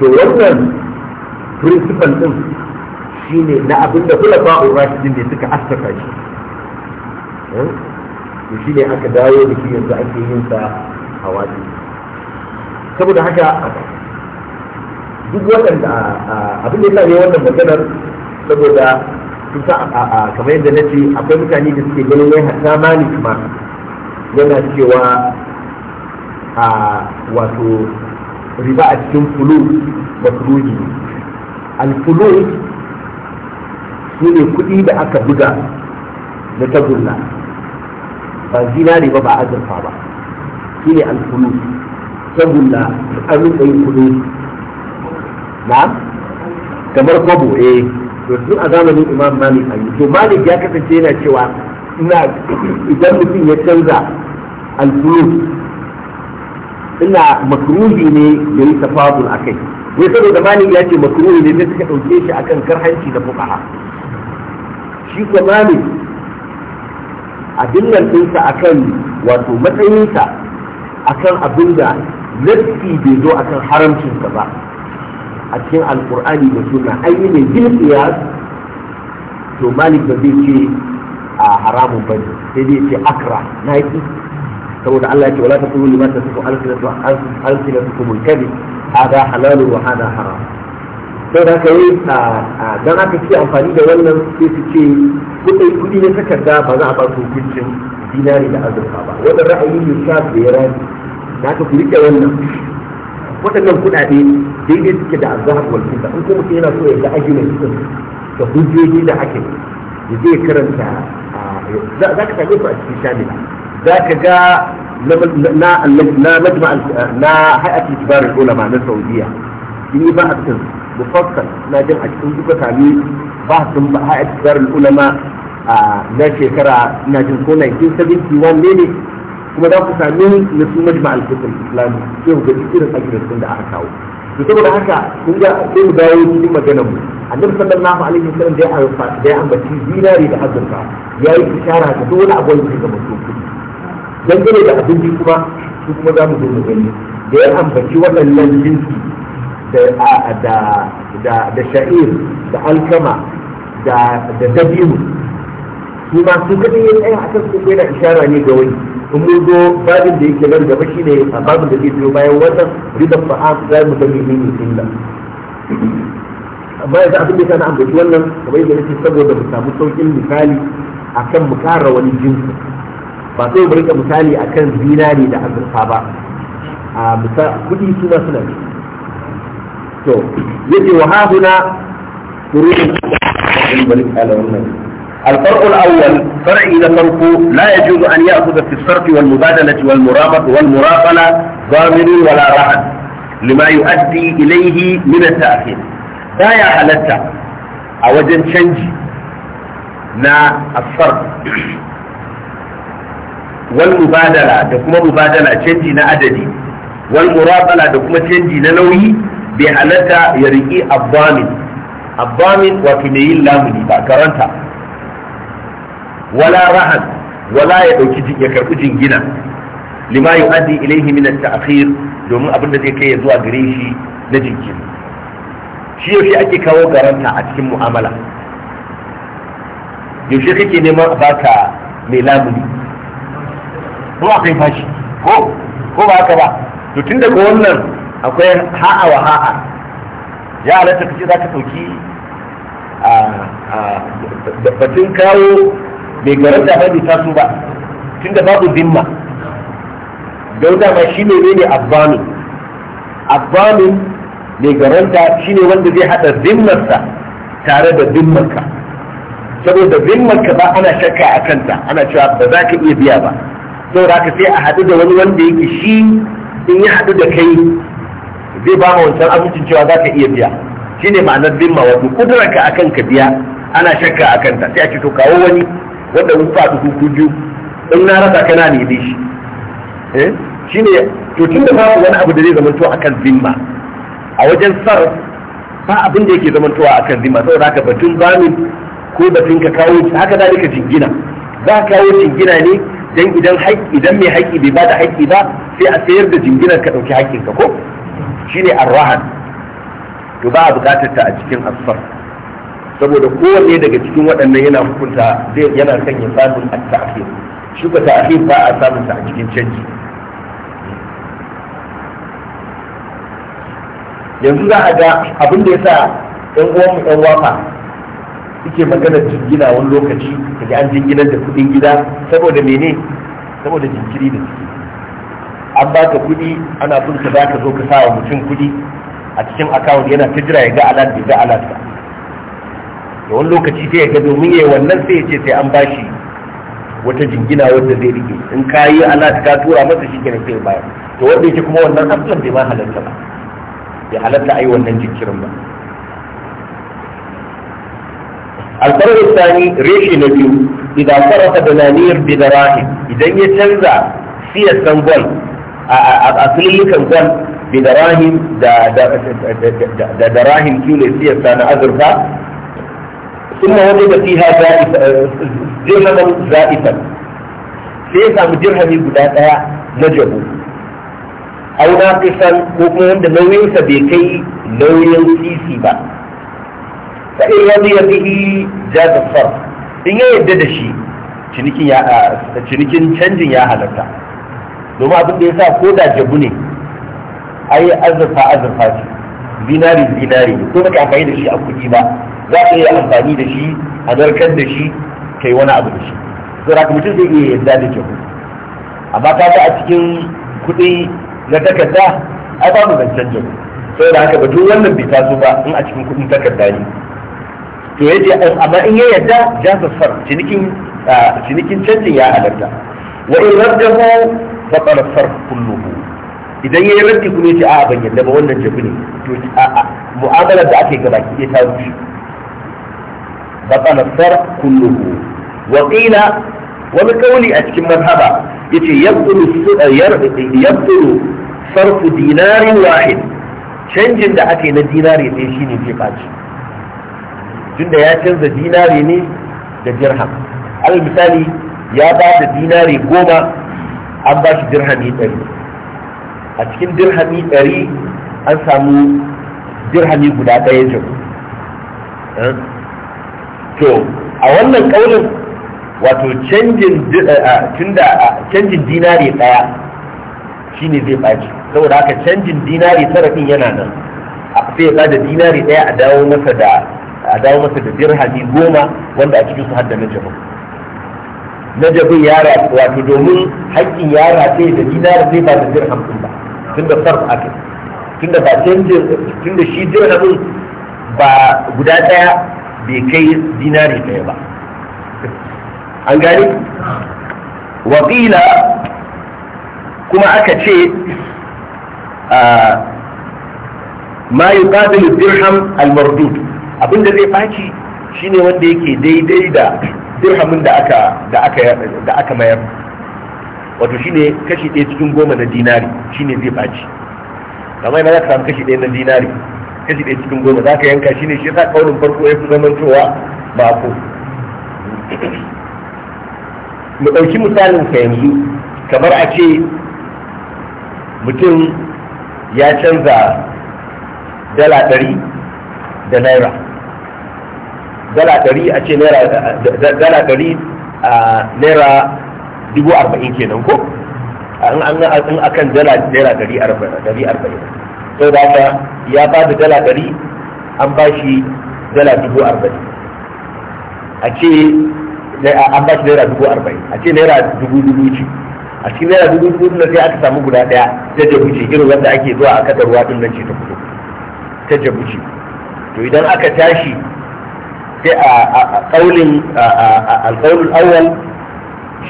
to wannan principle din shine na abin da kula ba rashidin ne suka asaka shi hmm? to shine aka dawo da shi yanzu ake yin sa a wajibi saboda haka duk waɗanda abin da ya sami wannan maganar saboda kusa a kamar yadda na ce akwai mutane da suke ganin wai hatta malik ma yana cewa a wato riba a cikin fulu masruhi alfulu su ne kuɗi da aka buga na tagulla ba ne ba ba azurfa ba shi ne alfulu tagulla an rika yin kuɗi na kamar kwabo eh to tun a zamanin imam malik an to malik ya kasance yana cewa ina idan mutum ya canza alfuru ina makruhi ne da yi tafadul a kai ne saboda malik ya ce makruhi ne sai suka ɗauke shi akan karhanci da fuqaha shi ko malik a dillan ɗinsa akan wato matsayinsa akan abin da nassi bai zo akan haramcinsa ba a cikin alkur'ani da suna an yi mai bilkiyas to malik ba zai ce a haramun ba ne sai zai ce akra na yi saboda Allah ya ce wala ta taqulu lima tasifu alsinatukum al-kadhib hada halalu wa hada haram sai da aka yi dan aka ce amfani da wannan sai su ce kudai kudi na takarda ba za a ba su hukuncin dinari da azurfa ba wannan ra'ayi ne shafi ya rani za ka ku riƙe wannan waɗannan kuɗaɗe daidai suke da azahar wal kisa in kuma mutum yana so ya ga ajinan din da hujjoji da ake ya zai karanta za ka same su a cikin shamila za ka ga na majma na hay'atul kibar ulama na saudiya in yi ba a cikin mufassal na jin a cikin duka sami ba a cikin hay'atul kibar ulama na shekara na jin ko 1971 ne ne kuma za ku sami nufin majma al-fikr islami sai ku gaji irin ajiyar da aka kawo to saboda haka kun ga sai mu dawo cikin maganar mu annabi sallallahu alaihi wasallam da ya amfani da ya ambaci zinari da azurfa yayi ishara da duk wani abu da zama su kudi dangane da abinci kuma su kuma za mu zo mu gani da ya ambaci waɗannan jinsi da da da da sha'ir da alkama da da dabino shi ma su kaɗai ya tsaya a kan su yana ishara ne ga wani in mun zo babin da yake nan gaba shi ne a babin da zai biyo bayan wannan ridan fa'a za mu ga menene illa amma yanzu abin da na ambaci wannan kamar yadda nake saboda mu samu saukin misali akan mu kara wani jinsi ba sai mu rika misali akan zinari da azurfa ba a kuɗi su suna suna ne to yake wa hahuna kurun da wani ala wannan الفرق الأول فرعي فرق لا يجوز أن يأخذ في الصرف والمبادلة والمرابط والمرافلة ضامن ولا رهن لما يؤدي إليه من التأخير يا حلتا أوجن شنجي نا الصرف والمبادلة دكما مبادلة شنجي نا أددي والمرافلة دكما شنجي نا نوي بحلتا يرئي الضامن الضامن وكميل لامني بأكرنتا wala rahan wala ya dauki ya jin gina. lima yu'addi ilayhi min at-ta'khir domin abin da zai kai ya zuwa gare shi na jinkiri shi yaushe ake kawo garanta a cikin mu'amala yaushe kake neman a baka mai lamuni ko akwai fashi ko ko ba haka ba to tun daga wannan akwai ha'a wa ha'a ya halatta kace za ka ɗauki batun kawo bai garin da bai taso ba tunda babu zimma dauda ma shi ne ne abbamin abbamin mai garanta shi ne wanda zai hada zimmarsa tare da zimmarka saboda zimmarka ba ana shakka a kanta ana cewa ba za ka iya biya ba saboda haka sai a haɗu da wani wanda yake shi in ya haɗu da kai zai ba ma wancan abincin cewa za ka iya biya shi ne ma'anar zimma wato kudurarka akan ka biya ana shakka a kanta sai a ce to kawo wani wanda mun faɗi ku biyu in na rasa kana ne dai shi eh shine to tun da babu wani abu da zai zamanto akan zimma a wajen sar ba abin da yake zamantowa akan zimma saboda haka batun zamin ko batun ka kawo haka da dalika jingina za ka kawo jingina ne dan idan haƙƙi idan mai haƙƙi bai bada haƙƙi ba sai a sayar da jinginar ka ɗauki haƙƙinka ko shine arrahan to ba a buƙatar ta a cikin asfar saboda kowanne daga cikin waɗannan yana hukunta zai yana sanya samun a takhir shi ba ta'afi ba a samun ta a cikin canji yanzu za a ga abin da ya sa ɗan uwan ɗan wafa suke magana jingina wani lokaci kaji an jinginar da kuɗin gida saboda mene saboda jinkiri da suke an baka kuɗi ana son ka za ka zo ka sa wa mutum kuɗi a cikin akawun yana ta jira ya ga alat bai ga alat ba da wani lokaci ta ya ga domin ya wannan sai ya ce sai an bashi wata jingina wadda zai rike in ka yi ana ka tura masa shi kenan sai ya bayar to wanda yake kuma wannan aslan bai ma halarta ba bai halatta ai wannan jinkirin ba alfarar sani reshe na biyu idan farata da naniyar bidarahim idan ya canza siyar gwal a asililikan gwal bidarahim da darahim kyule siyar na azurfa ثم وجد فيها درهما زائفا sai ya samu dirhami guda ɗaya na jabu au na kusan ko kuma wanda nauyinsa bai kai nauyin sisi ba fa in radi ya bihi cinikin ya cinikin canjin ya halatta domin abin da ya sa ko da jabu ne ai azurfa azurfa ce binari binari ko baka amfani da shi a kuɗi ba za ka iya amfani da shi a narkar da shi ka yi wani abu da shi saboda mutum zai iya yadda da jahu amma ta ga a cikin kuɗi na takarda ai babu zancen jahu saboda haka batun wannan bai taso ba in a cikin kuɗin takarda ne to ya ce amma in ya yadda jasa sar cinikin cinikin canjin ya halarta wa in raddahu faqad sar kulluhu idan ya yi raddi kuma ya ce a'a ban yadda ba wannan jabu ne to a'a mu'amalar da ake gabaki ɗaya ta rushe بطل الصرف كله وقيل ومكولي أتكم مذهبا يتي يبطل يبطل صرف دينار واحد canjin da aka yi na dinari ne shi ne zai ɓaci tunda ya canza dinari ne da dirham alal misali ya ba da dinari goma an ba shi dirhami ɗari a cikin dirhami ɗari an samu dirhami guda ɗaya jau eh? to a wannan kaulin wato canjin tunda canjin dinari daya shine zai baci saboda haka canjin dinari sarafin yana nan sai ya bada dinari daya a dawo masa da a dawo masa da dirhami goma wanda a cikin su hadda na jabin na jabin ya rafi wato domin haƙƙin ya sai da dinari zai ba da dirham ɗin ba tunda sarf aka tunda ba canjin tunda shi dirhamin ba guda daya bai kai dinari ɗaya ba an gani wakila kuma aka ce ma yi ƙadil dirham almardud abinda zai ɓaci shine wanda yake daidai da dirhamin da aka mayar wato shine kashi ɗaya cikin goma na dinari shine zai ɓaci. kamar yana za ka samu kashi ɗaya na dinari kashi ɗaya cikin goma za ka yanka shi ne shi yasa kaunin farko ya fi ba ko mu ɗauki misalin ka yanzu kamar a ce mutum ya canza dala ɗari da naira dala ɗari a ce dala ɗari a naira dubu arba'in kenan ko in akan dala naira ɗari arba'in sau da haka ya ba da dala ɗari an ba shi dala dubu arba'in a ce an ba shi naira dubu arba'in a ce naira dubu dubu ce a cikin naira dubu dubu na sai aka samu guda ɗaya ta jabuce irin wanda ake zuwa a kasar ruwa nan ce ta fito ta jabuce to idan aka tashi sai a ƙaunin alƙaunin awal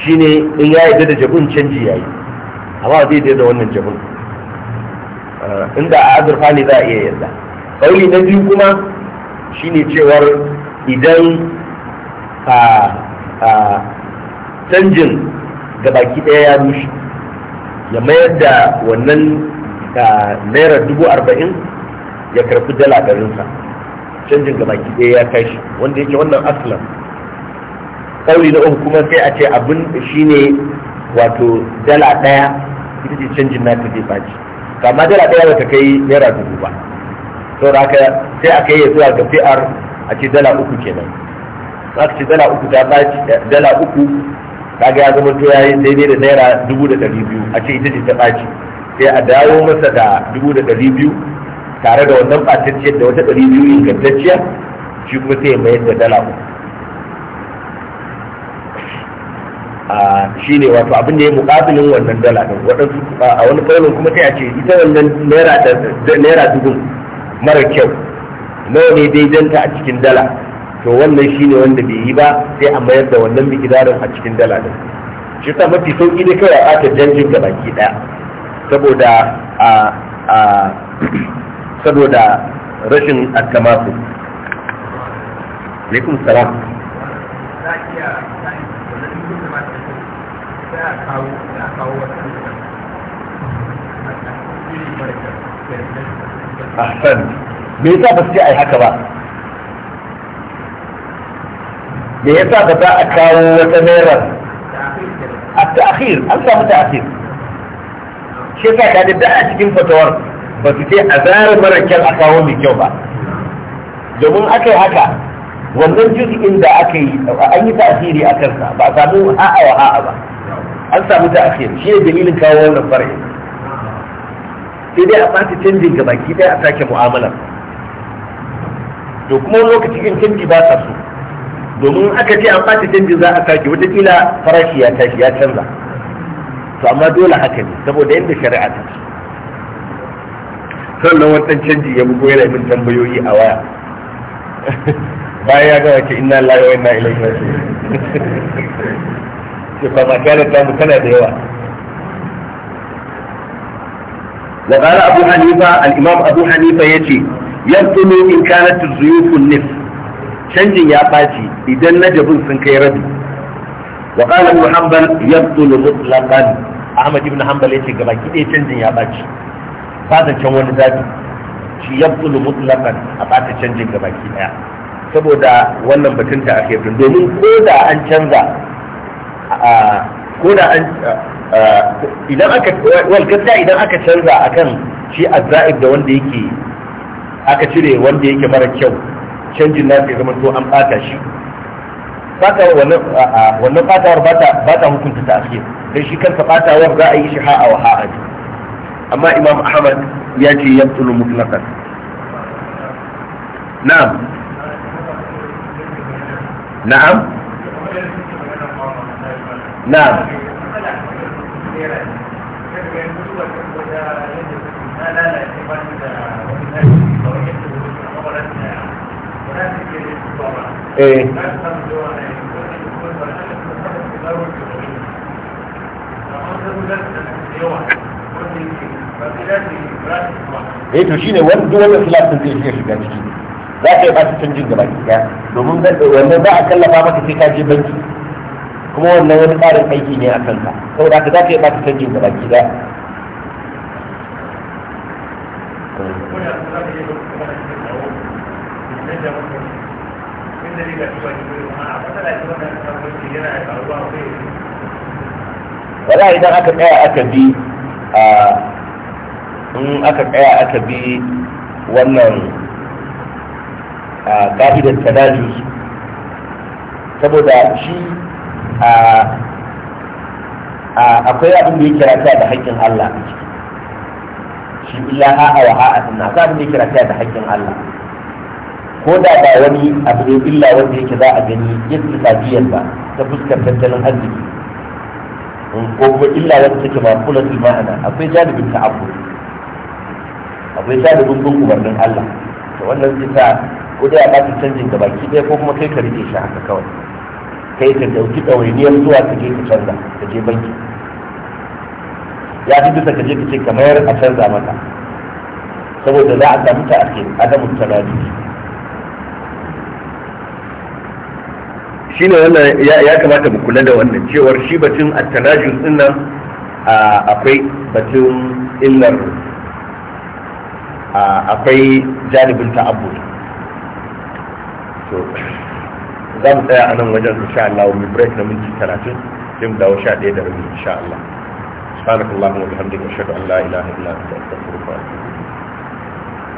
shine in ya yi da jabun canji ya yi amma zai da wannan jabun Eh, inda a azurfa ne za a iya yadda ƙauli na biyu kuma shine cewar idan a canjin ga baki ɗaya ya rushe ya mayar da wannan naira dubu arba'in ya karfi dala garinsa. canjin ga baki ɗaya ya kai shi wanda yake wannan aslan ƙauli na uku kuma sai a ce abin shine wato dala ɗaya ita ce canjin ta zai baci amma dala ɗaya ba ta kai naira dubu ba saboda haka sai aka yi zuwa ga fi'ar a ce dala uku kenan za ka ce dala uku ta ba eh, dala uku kaga ya zama to yayi daidai da naira dubu da ɗari biyu a ce ita ce ta ɓaci sai a dawo masa da dubu da ɗari biyu tare da wannan ɓatacciyar da wata ɗari biyu ingantacciya shi kuma sai ya mayar da dala uku shi ne wato abin da ya mukabilin wannan dala ɗin waɗansu a wani ƙaunin kuma sai a ce ita wannan naira dubun mara kyau nawa ne dai-danta a cikin dala to wannan shi ne wanda bai yi ba sai a mayar da wannan mikidarin a cikin dala ɗin shi sa mafi sauƙi ne kawai a ɓata janjin ga baki ɗaya saboda a a *clears throat* saboda rashin attamasu alaikum salam ahsan me yasa ba sai ai haka ba me yasa ba za a kawo wata naira a ta'akhir an samu ta'akhir shi yasa ka da a cikin fatawar ba su ce a zara mara kyau a kawo mai kyau ba domin aka yi haka wannan jirgin da aka yi an yi ta'akhiri a kansa ba a samu a'a wa a'a ba an samu ta akhir shi ne dalilin kawo wannan farai sai dai a ɓata canjin ga baki ɗaya a sake mu'amala to kuma wani lokaci canji ba sa so domin aka ce an ɓata canjin za a sake wataƙila farashi ya tashi ya canza to amma dole haka ne saboda yadda shari'a ta ce sannan wannan canji ya bugo yana min tambayoyi a waya *laughs* bayan ya gawa ce inna lalawa wa inna ilaihi *laughs* ce fama kyanar tamu tana da yawa wa qala abu hanifa al-imam abu hanifa yace yabtulu in kanat zuyuf an-nif canjin ya baci idan najabin sun kai rabi wa qala ibn hanbal yabtulu mutlaqan ahmad ibn hanbal yace gaba kide canjin ya baci ba da can wani zabi shi yabtulu mutlaqan a bata canjin gaba ki daya saboda wannan batun ta akhirun domin ko da an canza ko da an idan aka wal gaskiya idan aka canza akan shi azza'ib da wanda yake aka cire wanda yake mara kyau canjin na sai zama to an bata shi bata wannan wannan batawar bata bata hukunta ta asiri dan shi kansa batawar za a yi shi ha'a wa ha'a amma imam ahmad ya ce yabtulu mutlaqan na'am na'am na'am eh. eh to shine duk wannan shiga ciki za ka yi ba ta canjin gaba domin wannan za a kallafa maka sai ka je banki kuma wannan wani tsarin aiki ne a kanka saboda haka za ka yi ba canji da baki da wala idan aka tsaya aka bi a in aka tsaya aka bi wannan a ka'idar tanajus saboda shi akwai abin da ya kira ta da haƙƙin Allah a ciki shi illa ha'a wa ha'a sunna akwai abin da ya kira ta da haƙƙin Allah ko da ba wani abu ne illa wanda yake za a gani iktisadiyar ba ta fuskar tattalin arziki ko kuma illa wanda take ba kula ma'ana akwai jalibin abu, akwai jalibin bin umarnin Allah to wannan zai sa ko dai a ba ta canjin gabaki ɗaya ko kuma kai ka rike shi haka kawai kai ka dauki ɗawainiyar zuwa ka je ka canza ka je banki ya fi bisa ka je ka ce ka mayar a canza maka saboda za a samu ta ake adamun tanadi ne wannan ya kamata mu kula da wannan cewar shi batun attanajus din nan akwai batun illar akwai janibin ta'abbud za mu tsaya a nan wajen insha Allah mu break na minti 30 sai mu dawo 11 da rabi insha Allah subhanakallahumma wa bihamdika ashhadu an la ilaha illa anta astaghfiruka wa atubu